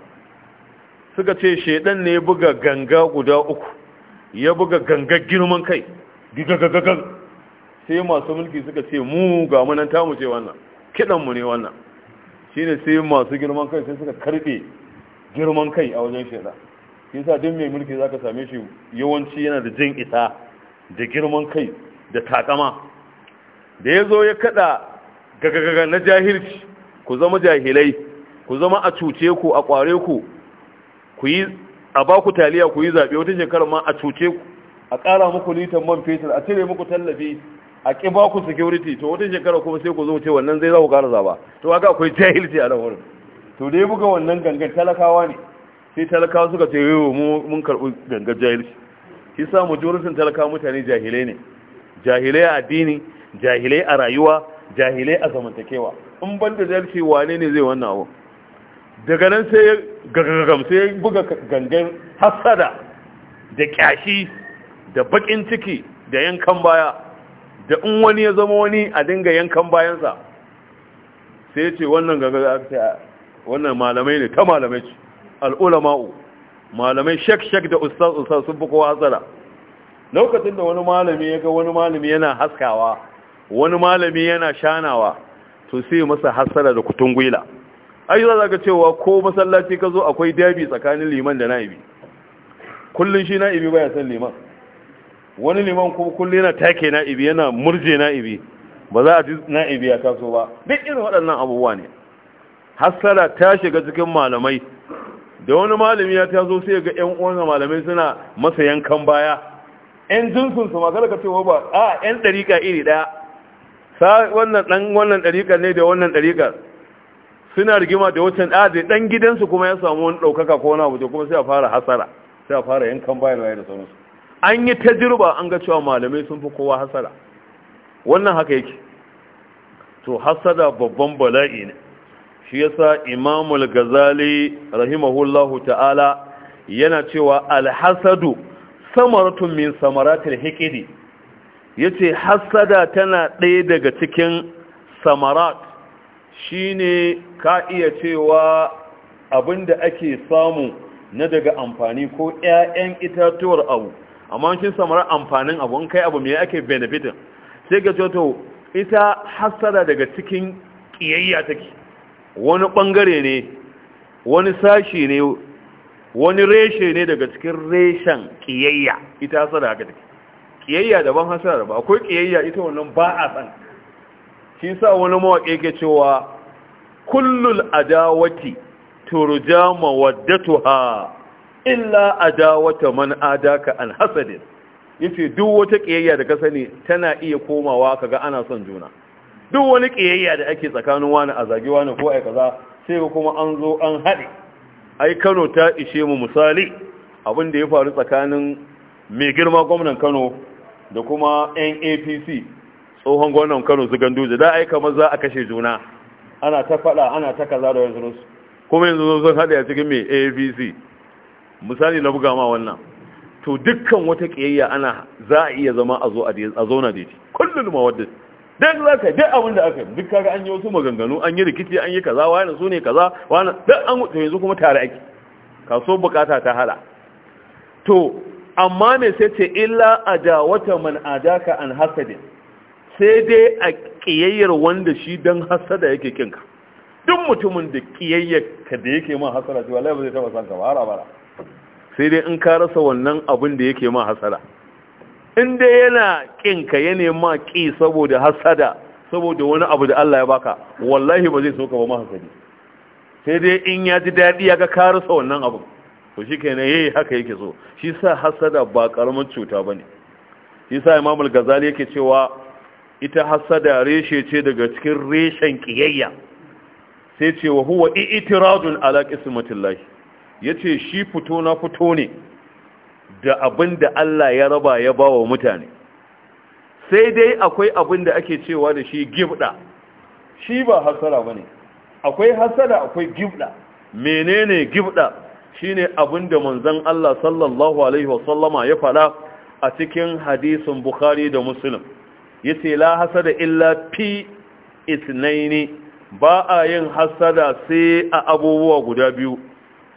suka ce shaidan ne buga ganga guda uku ya buga ganga girman kai gigagagagan sai masu mulki suka ce mu ga munan tamu ce wannan mu ne wannan shine sai masu girman kai sai suka karbe girman kai a wajen shaidan yasa duk mai mulki zaka same shi yawanci yana da jin isa da girman kai da takama da ya zo ya kada gagagaga na jahilci ku zama jahilai ku zama a cuce ku a kware ku ku yi a ba ku taliya ku yi zaɓe wata shekarar ma a cuce ku a ƙara muku litan man fetur a cire muku tallafi a ƙi ba ku security to wata shekara kuma sai ku zo ce wannan zai za ku ƙara zaba to haka akwai jahilci a nan wurin to dai buga wannan gangan talakawa ne sai talakawa suka ce yau mun karɓi gangan jahilci shi sa majoritin talakawa mutane jahilai ne jahilai a addini jahilai a rayuwa jahilai a zamantakewa in ban da jahilci wane ne zai wannan abu daga nan sai gagagam sai buga gangan hasada da kyashi da bakin ciki da yankan baya da in wani ya zama wani a dinga yankan bayansa sai ce wannan gangan wannan malamai ne ta malamai ce al'ulama'u malamai shek-shek da ustaz-ustaz sun fi kowa hatsara lokacin da wani malami ya ga wani malami yana haskawa wani malami yana shanawa to sai masa hatsara da kutun gwila ai za ka cewa ko masallaci ka zo akwai dabi tsakanin liman da na'ibi kullum shi na'ibi baya san liman wani liman kuma kullum yana take na'ibi yana murje na'ibi ba za a ji na'ibi ya taso ba duk irin waɗannan abubuwa ne hassara ta shiga cikin malamai da wani malami ya tazo sai ga ƴan uwansa malamai suna masa yankan baya ƴan jinsun su magana ka cewa ba a ƴan ɗariƙa iri ɗaya sa wannan ɗan wannan ɗariƙar ne da wannan ɗariƙar suna rigima da wancan ɗaya da ɗan gidansu kuma ya samu wani ɗaukaka ko wani abu kuma sai a fara hasara sai a fara yankan baya da da sauransu an yi tajirba an ga cewa malamai sun fi kowa hasara wannan haka yake to hasada babban bala'i ne shi yasa imamul gazali rahimahullahu ta'ala yana cewa alhasadu samaratun min samaratil hikidi yace hasada tana ɗaya daga cikin samarat shine ka iya cewa abinda ake samu na daga amfani ko ƴaƴan itatuwar abu amma kin samara amfanin abu in kai abu me ake benefitin sai ga ita hasada daga cikin kiyayya take wani ɓangare ne wani sashi ne wani reshe ne daga cikin reshen ƙiyayya ita hasada haka take ƙiyayya daban hasada daban akwai ƙiyayya ita wannan ba a san shi sa wani mawaƙe ke cewa kullul adawati turja mawaddatuha illa adawata man adaka an yace duk wata ƙiyayya da ka sani tana iya komawa kaga ana son juna duk wani ƙiyayya da ake tsakanin wani a zagi wani ko ai kaza sai kuma an zo an haɗe ai kano ta ishe mu misali abin da ya faru tsakanin mai girma gwamnan kano da kuma NAPC tsohon gwamnan kano su gandu da ai kamar za a kashe juna ana ta faɗa ana ta kaza da wasu kuma yanzu zan haɗe a cikin mai apc misali na buga ma wannan to dukkan wata ƙiyayya ana za a iya zama a zo a daidai kullum ma wadda duk za ka duk abin da aka yi duk kaga an yi wasu maganganu an yi rikici an yi kaza wani su ne kaza wani duk an wuce yanzu kuma tare ake kaso bukata ta hada to amma me sai ce illa wata man adaka an hasadin sai dai a kiyayyar wanda shi dan hasada yake kinka duk mutumin da kiyayyar ka da yake ma hasada to wallahi ba zai taba san ka bara abara sai dai in ka rasa wannan abin da yake ma hasada inda yana ƙinka ya nema ƙi saboda hasada saboda wani abu da Allah ya baka wallahi ba zai so ka ba mahasadi sai dai in ya ji daɗi ya ga ka wannan abu ko shi kenan yayi eh, haka yake so shi sa hasada ba karamin cuta bane shi sa Imam al-Ghazali yake cewa ita hasada reshe ce daga cikin reshen kiyayya sai ce wa huwa i'tiradun ala qismatillah yace shi fito na fito ne da abin da Allah ya raba ya ba wa mutane sai dai akwai abin da ake cewa da shi gibda shi ba hasara ba ne akwai hasara akwai gibda menene gibda shine abin da manzon Allah sallallahu alaihi wasallama ya fada a cikin hadisin Bukhari da Muslim yace la hasada illa fi itnaini ba a yin hasada sai a abubuwa guda biyu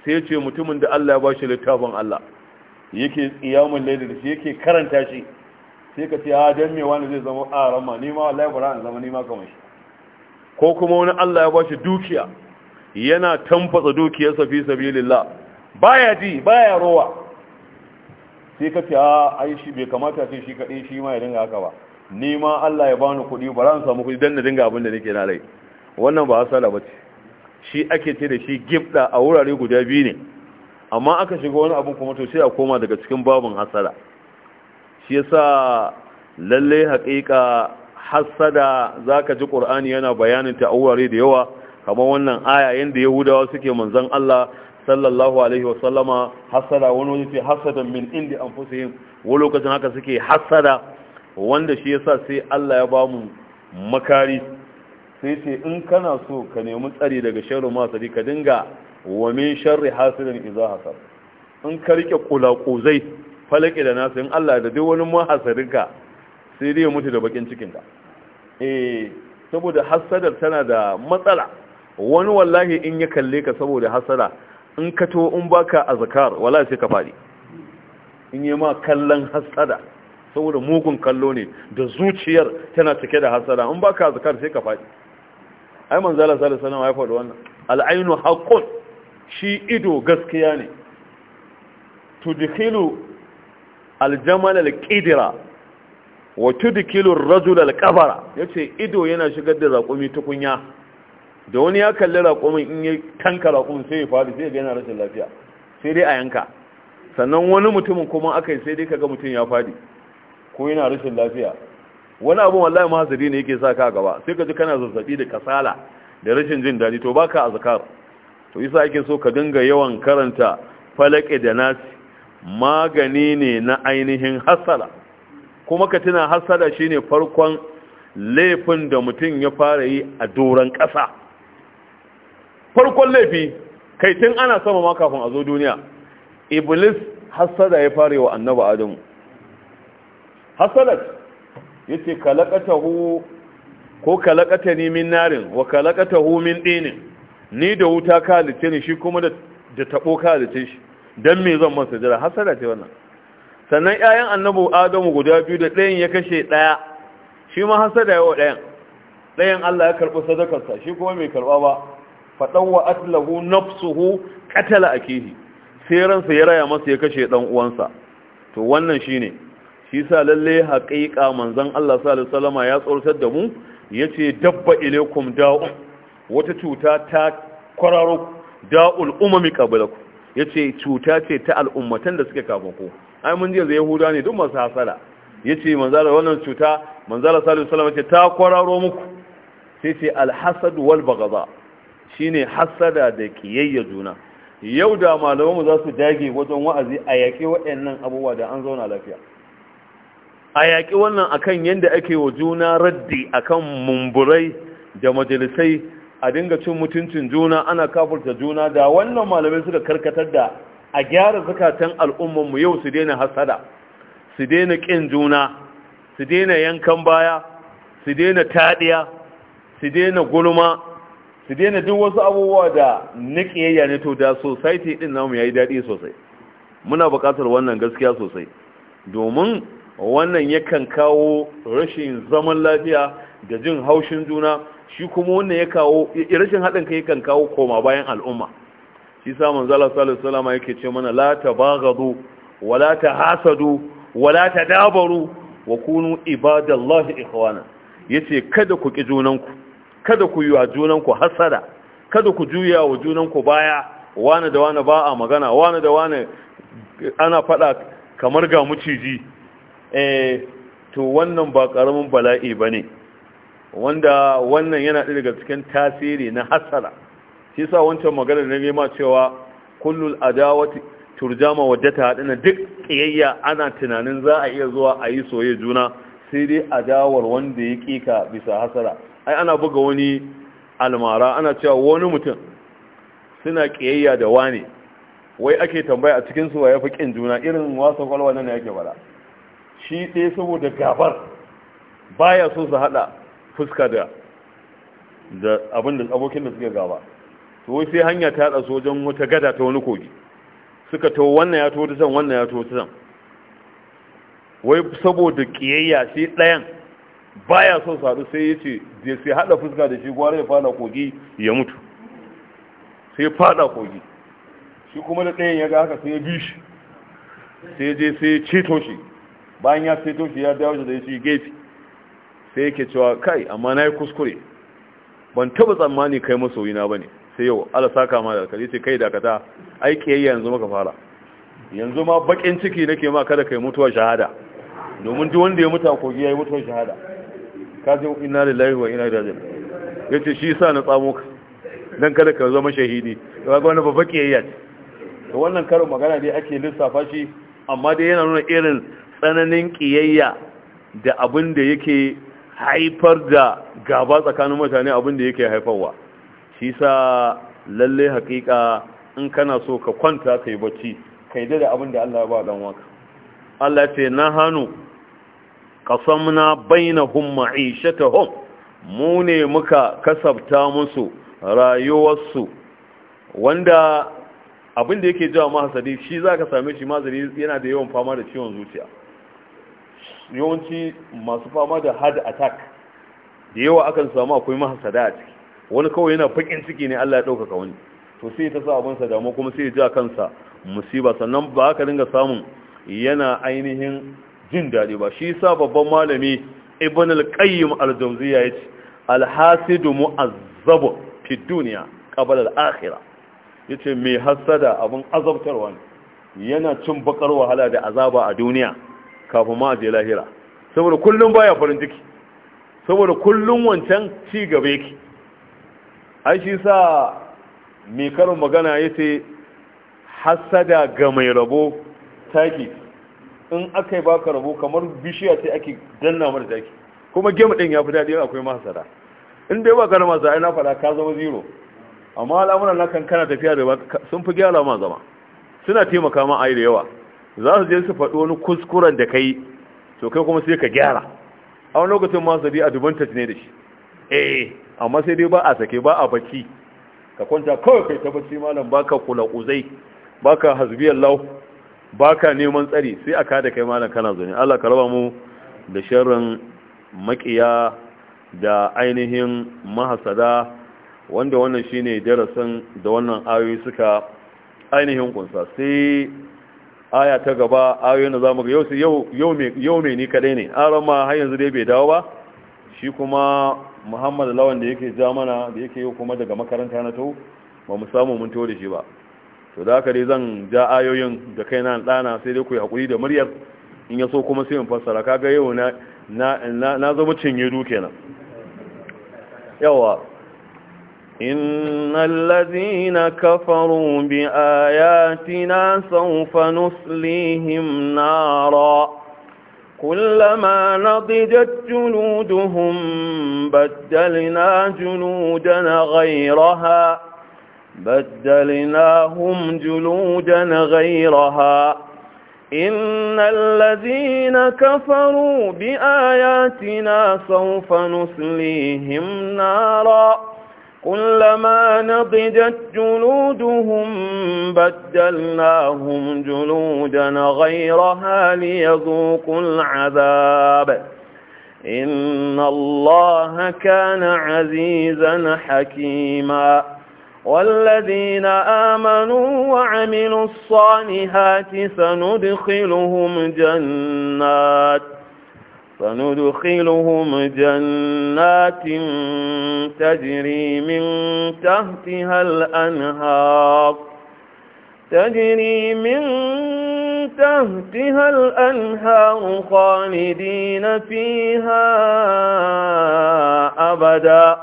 sai ce mutumin da Allah ya bashi littafin Allah yake tsiyamun laidar shi yake karanta shi sai ka ce a ah, dan me wani zai zama a ah, rama nima wallahi ba an zama ni ma kamar shi ko kuma wani Allah ya bashi dukiya yana tamfatsa dukiyarsa fi sabilillah baya ji baya rowa sai ka ce a ah, ai shi bai kamata sai shi kadai shi ma ya dinga haka ba ni ma Allah ya bani kuɗi ba an samu kuɗi dan na dinga abin da nake na rai wannan ba ba bace shi ake ce da shi gibda a wurare guda biyu ne amma aka shiga wani abin kuma to sai a koma daga cikin babun hasada shi yasa lalle haƙiƙa hasada zaka ji qur'ani yana bayanin ta aurare da yawa kamar wannan aya yanda yahudawa suke manzon Allah sallallahu alaihi wasallama hasada wani wani ce hasadan min indi anfusihim wani lokacin haka suke hasada wanda shi yasa sai Allah ya bamu makari sai ce in kana so ka nemi tsari daga sharri ma ka dinga wa min sharri hasidin idza hasad in ka rike kulakuzai falaki da nasu in Allah da dai wani mahasarinka sai dai ya mutu da bakin cikin ka eh saboda hasadar tana da matsala wani wallahi in ya kalle ka saboda hasada in ka to in baka azkar wallahi sai ka fadi in yi ma kallon hasada saboda mugun kallo ne da zuciyar tana cike da hasada in baka azkar sai ka fadi ai manzala sallallahu alaihi wasallam ya faɗi wannan al'ainu haqqun shi ido gaskiya ne tudkhilu aljamal alqidra wa tudkilu arrajul alqabara yace ido yana shigar da raƙumi tukunya da wani ya kalli raƙumin in ya tanka raƙumin sai ya faru sai ga yana rashin lafiya sai dai a yanka sannan wani mutumin kuma aka yi sai dai kaga mutum ya fadi ko yana rashin lafiya wani abu wallahi mahazari ne yake sa ka gaba sai ka ji kana zazzabi da kasala da rashin jin daɗi to baka azkar to isa ake so ka dinga yawan karanta falake da nasi magani ne na ainihin hasala kuma ka tuna hasala shine farkon laifin da mutum ya fara yi a doron ƙasa farkon laifi kai tun ana sama ma kafin a zo duniya iblis hasala ya fara wa annaba adamu hasalat ya ce kalakatahu ko kalakata ni min narin wa kalakatahu min ɗinin ni da wuta ka halice ne shi kuma da taɓo ka halice shi Don me zan masa jira hasara ce wannan sannan 'ya'yan annabu adamu guda biyu da ɗayan ya kashe ɗaya shi ma hasara yawa ɗayan ɗayan Allah ya karɓi sadakarsa shi kuma mai karɓa ba faɗan wa atlahu nafsuhu a akihi sai ransa ya raya masa ya kashe ɗan uwansa to wannan shi ne, shi sa lalle haƙiƙa manzon Allah sallallahu alaihi ya tsoratar da mu ya ce dabba ilaikum da'u wata cuta ta kwararo da'ul umami Ya ce cuta ce ta al'ummatan da suke kafin ku ai mun jiya yahuda ne duk masu ya ce manzara wannan cuta manzara sallallahu salama ce ta kwararo muku sai ce alhassadu wal shi ne hassada da kiyayya juna yau da malamanmu za su dage wajen wa'azi a yaƙi waɗannan abubuwa da an zauna lafiya a yaƙi wannan akan yadda ake wa juna raddi akan mumburai da majalisai a dinga cin mutuncin juna ana kafurta juna da wannan malamai suka karkatar da a gyara zakatan al'ummanmu yau su daina hasada su daina ƙin juna su daina yankan baya su daina taɗiya su daina gulma su daina duk wasu abubuwa da niƙiyayya ne to da society ɗin namu ya yi daɗi sosai muna buƙatar wannan gaskiya sosai domin wannan yakan kawo rashin zaman lafiya da jin haushin juna shi kuma wannan ya kawo rashin haɗin kai kan kawo koma bayan al'umma shi sa manzala sallallahu alaihi wasallam yake ce mana la tabaghadu wa la tahasadu wa la tadabaru wa kunu ibadallahi ikhwana yace kada ku ki junanku kada ku yi wa junanku hasada kada ku juya wa junanku baya wani da wani ba a magana wani da wani ana faɗa kamar ga muciji eh to wannan ba ƙaramin bala'i bane wanda wannan yana daga cikin tasiri na hasara shi sa wancan magana na nema cewa kullul adawati turjama ta hadina duk ƙiyayya ana tunanin za a iya zuwa a yi soye juna sai dai adawar wanda ya kika bisa hasara. ai ana buga wani almara ana cewa wani mutum suna ƙiyayya da wani wai ake tambaya a cikin su fi ƙin juna irin wasa kwalwa nan yake bara shi dai saboda gabar baya so su haɗa. fuska da da abin da abokin da suke gaba to wai sai hanya ta tsaso wajen wata gada ta wani kogi suka to wannan ya to ta san wannan ya to ta san wai saboda kiyayya sai ɗayan baya son sadu sai ya ce sai hada fuska da shi gwara ya fada kogi ya mutu sai fada kogi shi kuma da ɗayan ya ga haka sai ya bi shi sai je sai ceto shi bayan ya ceto shi ya dawo da shi gefe sai yake cewa kai amma na yi kuskure ban taba tsammani kai masoyina ba ne sai yau ala saka ma da alkali ce kai dakata ai yayi yanzu maka fara yanzu ma bakin ciki nake ma kada kai mutuwa shahada domin duk wanda ya mutu a kogi ya yi mutuwar shahada ka ji ina da wa ina ilaihi ya ce shi sa na tsamo ka dan kada ka zama shahidi ga wani babba kiyayya ce Da wannan karin magana dai ake lissafa shi amma dai yana nuna irin tsananin kiyayya da abin da yake haifar da gaba tsakanin mutane abin yake haifarwa shi sa lalle hakika in kana so ka kwanta ka yi bacci ka yi da abin da Allah ya ba dan waka Allah ce na hannu kasamna bainahum ma'ishatahum mu ne muka kasabta musu rayuwarsu wanda abinda da yake jawa mahasadi shi zaka same shi mazari yana da yawan fama da ciwon zuciya yawanci masu fama da hard attack da yawa akan samu akwai mahasada a ciki wani kawai yana fakin ciki ne Allah ya ɗaukaka wani to sai ta sa abinsa damu kuma sai ya ji a kansa musiba sannan ba haka dinga samun yana ainihin jin daɗi ba shi sa babban malami ibn al-qayyim al-jawziya yace al-hasidu mu'azzab fi dunya qabla al-akhirah yace mai hasada abin azabtarwa yana cin bakar wahala da azaba a duniya kafin ma je lahira saboda kullum baya farin ciki saboda kullum wancan ci gaba yake ai shi sa mai karin magana ya ce hasada ga mai rabo taki in aka baka rabo kamar bishiya sai ake danna mara taki kuma gem din ya fi daɗi akwai mahasada in dai baka da masu na fada ka zama zero amma al'amuran na kankana tafiya da sun fi gyara ma zama suna taimaka ma da yawa za su je su faɗi wani kuskuren da kai to kai kuma sai ka gyara a wani lokacin ma su bi advantage ne da shi eh amma sai dai ba a sake ba a bacci ka kwanta kawai kai ta bacci malam baka kula uzai baka hasbiyar lau baka neman tsari sai ka da kai malam kana zo Allah ka raba mu da sharrin makiya da ainihin mahasada wanda wannan shine darasin da wannan ayoyi suka ainihin kunsa sai aya ta gaba ayoyin da zamu ga yau yau yau me ni kadai ne aron ma har yanzu dai bai dawo ba shi kuma Muhammad Lawan da yake ja mana da yake yau kuma daga makaranta na to ba mu samu mun tore shi ba to da haka dai zan ja ayoyin da kai nan dana sai dai ku yi hakuri da muryar in ya so kuma sai mu fassara kaga yau na na na zama cinye du kenan yawa إن الذين كفروا بآياتنا سوف نسليهم نارا كلما نضجت جلودهم بدلنا جلودنا غيرها بدلناهم جلودا غيرها إن الذين كفروا بآياتنا سوف نسليهم نارا كلما نضجت جلودهم بدلناهم جلودا غيرها ليذوقوا العذاب إن الله كان عزيزا حكيما والذين آمنوا وعملوا الصالحات سندخلهم جنات فندخلهم جنات تجري من تحتها الأنهار تجري من تحتها الأنهار خالدين فيها أبدا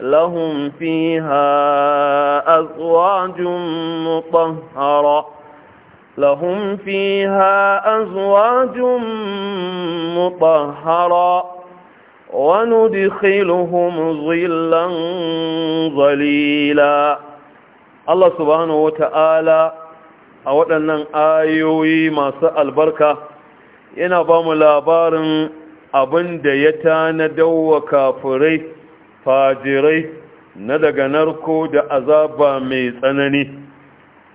لهم فيها أزواج مطهرة لهم فيها أزواج مطهرة وندخلهم ظلا ظليلا الله سبحانه وتعالى a waɗannan ayoyi masu albarka yana ba mu labarin abin da ya tanadawa kafirai fajirai na daga narko da azaba mai tsanani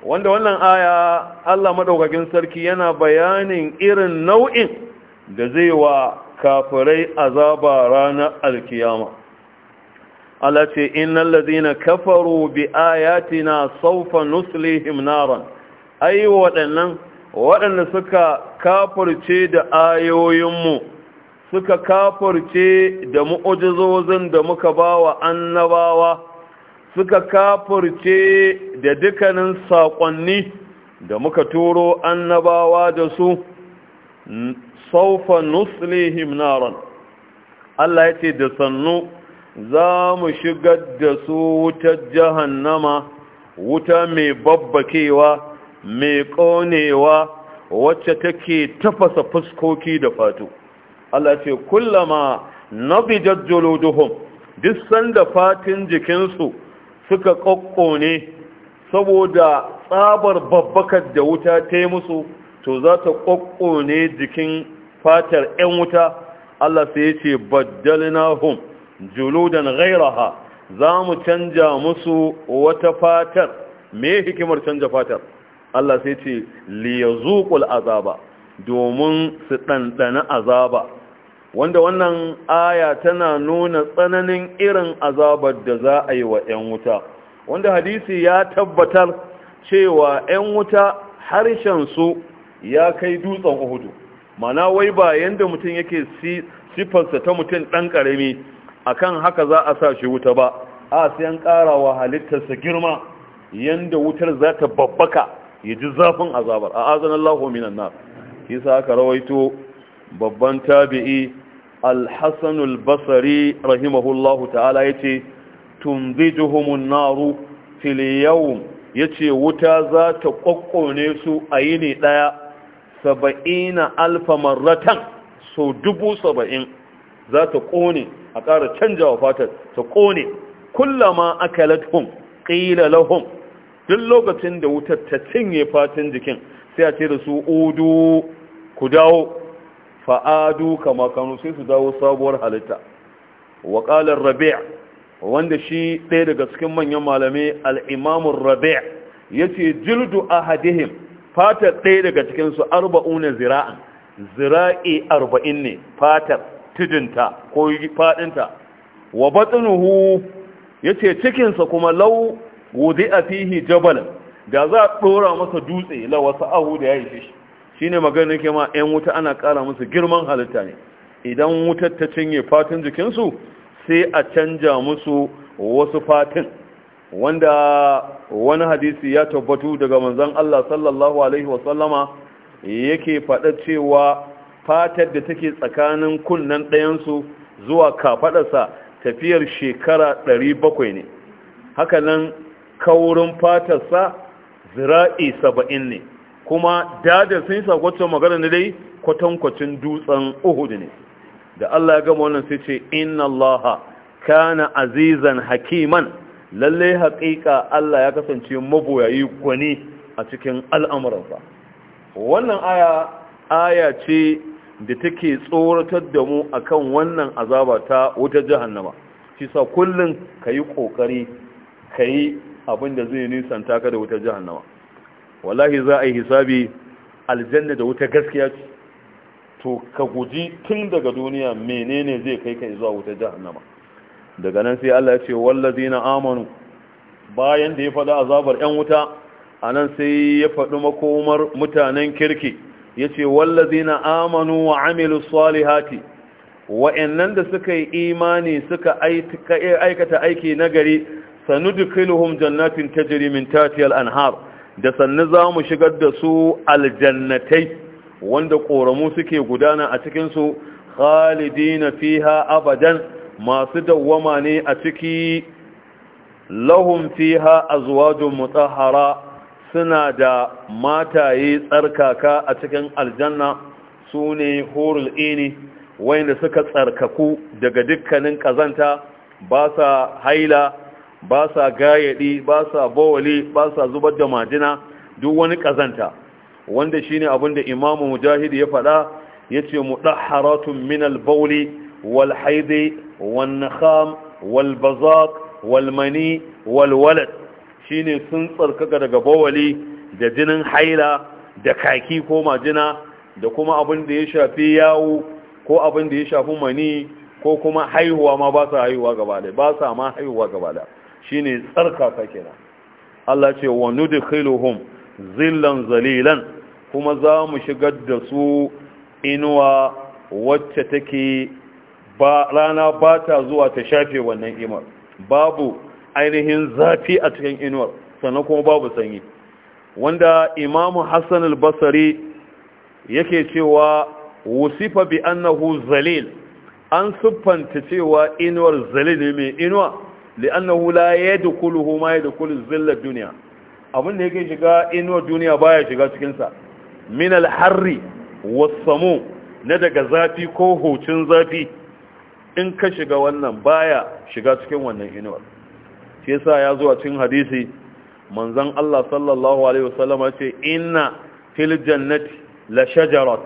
wanda wannan aya Allah maɗaukakin sarki yana bayanin irin nau'in da zai wa kafirai azaba ranar alkiyama Allah ce innal ladina kafaru bi ayatina sawfa nuslihim naran ai waɗannan waɗanda suka kafirce da ayoyinmu suka kafirce da mu'ujizozin da muka ba wa annabawa suka kafurce da dukkanin saƙonni da muka turo annabawa da su saufa nuslihim naran Allah ya ce da sannu za mu shigar da su wutar jahannama wuta mai babbakewa mai ƙonewa wacce take tafasa fuskoki da fatu Allah ce kullama nabijat juluduhum duk sanda fatin jikinsu suka ƙoƙƙone saboda tsabar babbakar da wuta ta yi musu to za ta ƙoƙƙone jikin fatar 'yan wuta Allah sai ya ce baddalina hum juludan ghairaha za mu canja musu wata fatar me hikimar canja fatar Allah sai ce liyazuqul azaba domin su ɗanɗana azaba wanda wannan aya tana nuna tsananin irin azabar da za a yi wa 'yan wuta wanda hadisi ya tabbatar cewa 'yan wuta harshen su ya kai dutsen uhudu mana wai ba yadda mutum yake siffarsa ta mutum ɗan ƙarami akan haka za a sa shi wuta ba a sai an ƙara wa halittarsa girma yadda wutar za ta babbaka ya ji zafin azabar a azanin minan na. isa aka rawaito babban tabi'i al basari rahimahullahu ta'ala ya ce tunzijuhumun naru filiyawun ya ce wuta za ta ƙwaƙƙone su a yini ɗaya saba'ina alfa marratan so dubu saba'in za ta ƙone a ƙara canzawa fatar ta ƙone kullama aka lathun ƙila lahun duk lokacin da wutar ta cinye fatan jikin sai a ce da su udu ku dawo fa'adu kama kanu sai su dawo sabuwar halitta wa ƙalar rabi' wanda shi ɗaya daga cikin manyan malamai al'imamun rabi' ya ce jildu a hadihim fatar ɗaya daga cikinsu arba'u ne zira'an zira'i arba'in ne fatar tijinta ko faɗinta wa batsinuhu ya ce cikinsa kuma lau wuzi a fihi jabalin da za a ɗora masa dutse la wasu ahu da ya yi shi Shi ne magana ke ma 'yan wuta ana ƙara musu girman halitta ne idan wutar ta cinye fatin jikinsu sai a canja musu wasu fatin wanda wani hadisi ya tabbatu daga manzan Allah sallallahu alaihi wasallama yake faɗa cewa fatar da take tsakanin kunnen ɗayansu zuwa kafaɗarsa tafiyar shekara 700 ne hakanan kaurin fatarsa zira'i 70 ne kuma dada sun yi kwato magana ne dai kwatankwacin dutsen Uhud ne da Allah ya gama wannan sai ce inna Allah kana azizan hakiman lalle haƙiƙa Allah ya kasance maboyayi gwani a cikin al'amuransa wannan aya aya ce da take tsoratar da mu akan wannan azaba ta wuta jahannama shi sa kullum kayi kokari kayi abin da zai nisanta ka da wuta jahannama wallahi za a yi hisabi aljanna da wuta gaskiya ce to ka guji tun daga duniya menene zai kai ka zuwa wuta jahannama daga nan sai Allah ya ce wallazina amanu bayan da ya faɗa azabar ƴan wuta anan sai ya faɗi makomar mutanen kirki yace wallazina amanu wa amilu salihati wa'annan da suka yi imani suka aikata aiki nagari sanudkhiluhum jannatin tajri min tatiyal anhar da sannu za mu shigar da su aljannatai wanda ƙoramu suke gudana a cikinsu khalidina fiha abadan masu dawwama ne a ciki lahumfiha a azwajun mutahhara suna da mataye tsarkaka a cikin aljanna su ne horul ini wayanda suka tsarkaku daga dukkanin kazanta ba sa haila ba sa gayaɗi ba sa bawali ba sa zubar da majina duk wani kazanta. wanda shine abin da imamu mujahid ya faɗa ya ce mu minal bauli wal haidi wal nakham wal bazaq wal mani wal walad shine sun tsarkaka daga bawali da jinin haila da kaki ko majina da kuma abin da ya shafi yawo ko abin da ya shafi mani ko kuma haihuwa ma ba sa haihuwa gaba da ba sa ma haihuwa gaba da shine tsarkaka kenan Allah ce wa nudkhiluhum zillan zalilan kuma za mu shigar da su inuwa wacce take ba rana ba ta zuwa ta shafe wannan imar babu ainihin zafi a cikin inuwar sannan kuma babu sanyi wanda imamu hassan al-basari yake cewa wusifa bi annahu zalil an siffanta cewa inuwar zalil mai inuwa li'annahu la yadkhuluhu ma yadkhulu zilla duniya, abin da yake shiga inuwar duniya baya shiga cikinsa min al'harri harri na daga zafi ko hocin zafi in ka shiga wannan baya shiga cikin wannan inuwar shi ya zo a cikin hadisi manzan Allah sallallahu alaihi wasallama ce ina fil jannati la shajarat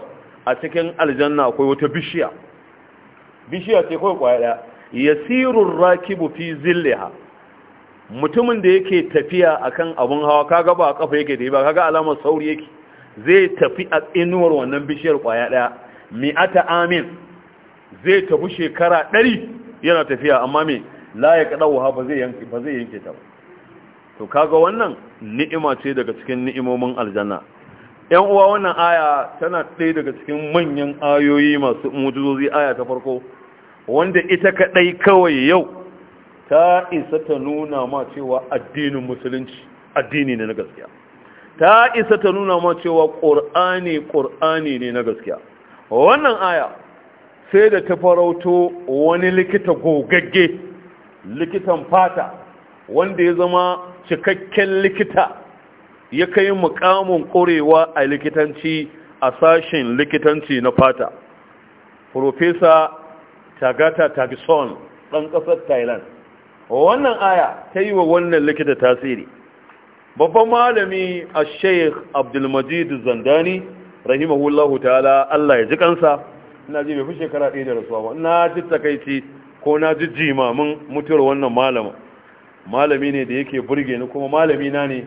a cikin aljanna akwai wata bishiya bishiya ce kawai kwaya daya Yasirun rakibu fi zilliha mutumin da yake tafiya akan abun hawa kaga ba kafa yake da ba kaga alamar sauri yake zai tafi a inuwar wannan bishiyar kwaya daya mi'ata amin zai tafi shekara 100 yana tafiya amma me la ya wa ba zai yanke ba zai yanke ta ba to kaga wannan ni'ima ce daga cikin ni'imomin aljanna yan uwa wannan aya tana ɗaya daga cikin manyan ayoyi masu mujizozi aya ta farko wanda ita kaɗai kawai yau ta isa ta nuna ma cewa addinin musulunci addini ne na gaskiya ta isa ta nuna ma cewa ƙur'ani ƙur'ani ne na gaskiya wannan aya sai da ta farauto wani likita gogagge likitan fata wanda ya zama cikakken likita ya kai mukamin ƙorewa a likitanci a sashen likitanci na fata Profesa tagata tagison ɗan ƙasar thailand wannan aya ta yi wa wannan likita tasiri babban malami a sheikh abdulmajid zandani rahimahullahu ta'ala allah ya ji kansa ina ji bai fi shekara ɗaya da rasuwa ba na ji takaici ko na ji jimamin mutuwar wannan malama malami ne da yake burge ni kuma malami na ne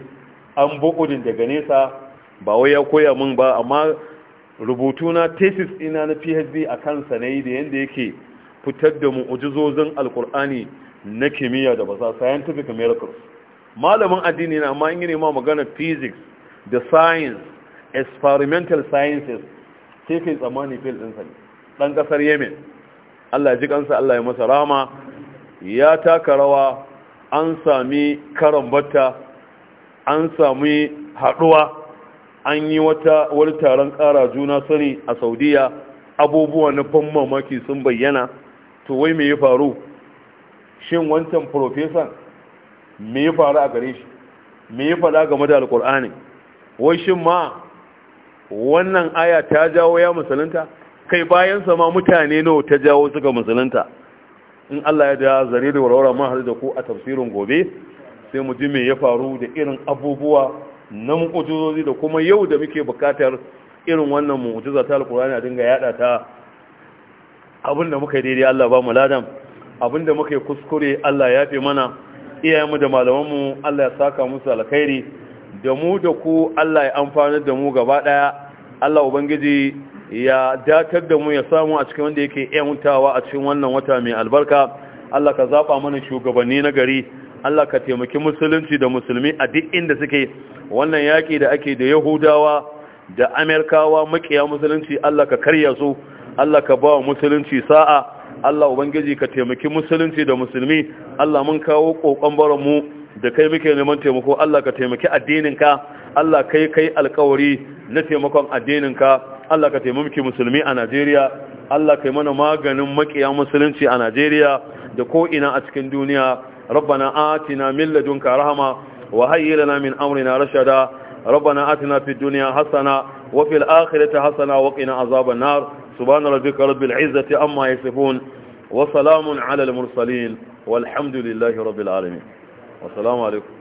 an bukudin daga nesa ba wai ya koya min ba amma rubutuna thesis ina na phd a kansa na da yadda yake fitar da mu'ujizozin alkur'ani na kimiyya da basa scientific miracles malamin addini na amma in ma magana physics da science experimental sciences sai kai tsammani fil ɗinsa ne ɗan ƙasar yemen allah ji kansa allah ya masa rama ya taka rawa an sami karambata an sami haɗuwa an yi wata wani taron ƙara juna sani a saudiya abubuwa na ban mamaki sun bayyana to wai me ya faru shin wancan profesan me ya faru a gare shi me ya faɗa game da alkur'ani wai shin ma wannan aya ta jawo ya musulunta kai bayan ma mutane nawa ta jawo suka musulunta in Allah ya da zare da warwara ma har da ku a tafsirin gobe sai mu ji me ya faru da irin abubuwa na mu'ujizozi da kuma yau da muke bukatar irin wannan mu'ujiza ta alkur'ani a dinga yada ta abinda muka yi daidai Allah ba mu ladan abinda muka yi kuskure Allah ya fi mana iyayenmu da malamanmu Allah ya saka musu alkhairi da mu da ku Allah ya amfana da mu gaba daya Allah ubangiji ya datar da mu ya samu a cikin wanda yake yantawa a cikin wannan wata mai albarka Allah ka zafa mana shugabanni na gari Allah ka taimaki musulunci da musulmi a duk inda suke wannan yaki da ake da Yahudawa da Amerikawa makiya musulunci Allah ka karya su Allah ka ba wa musulunci sa'a Allah ubangiji ka taimaki musulunci da musulmi Allah mun kawo kokon mu da kai muke neman taimako Allah ka taimaki addininka Allah kai kai alkawari na taimakon addininka Allah ka taimaki musulmi a Najeriya Allah kai mana maganin makiya musulunci a Najeriya da ko ina a cikin duniya ربنا آتنا من لدنك رحمة وهيئ لنا من أمرنا رشدا ربنا آتنا في الدنيا حسنة وفي الآخرة حسنة وقنا عذاب النار سبحان ربك رب العزة أما يصفون وسلام على المرسلين والحمد لله رب العالمين والسلام عليكم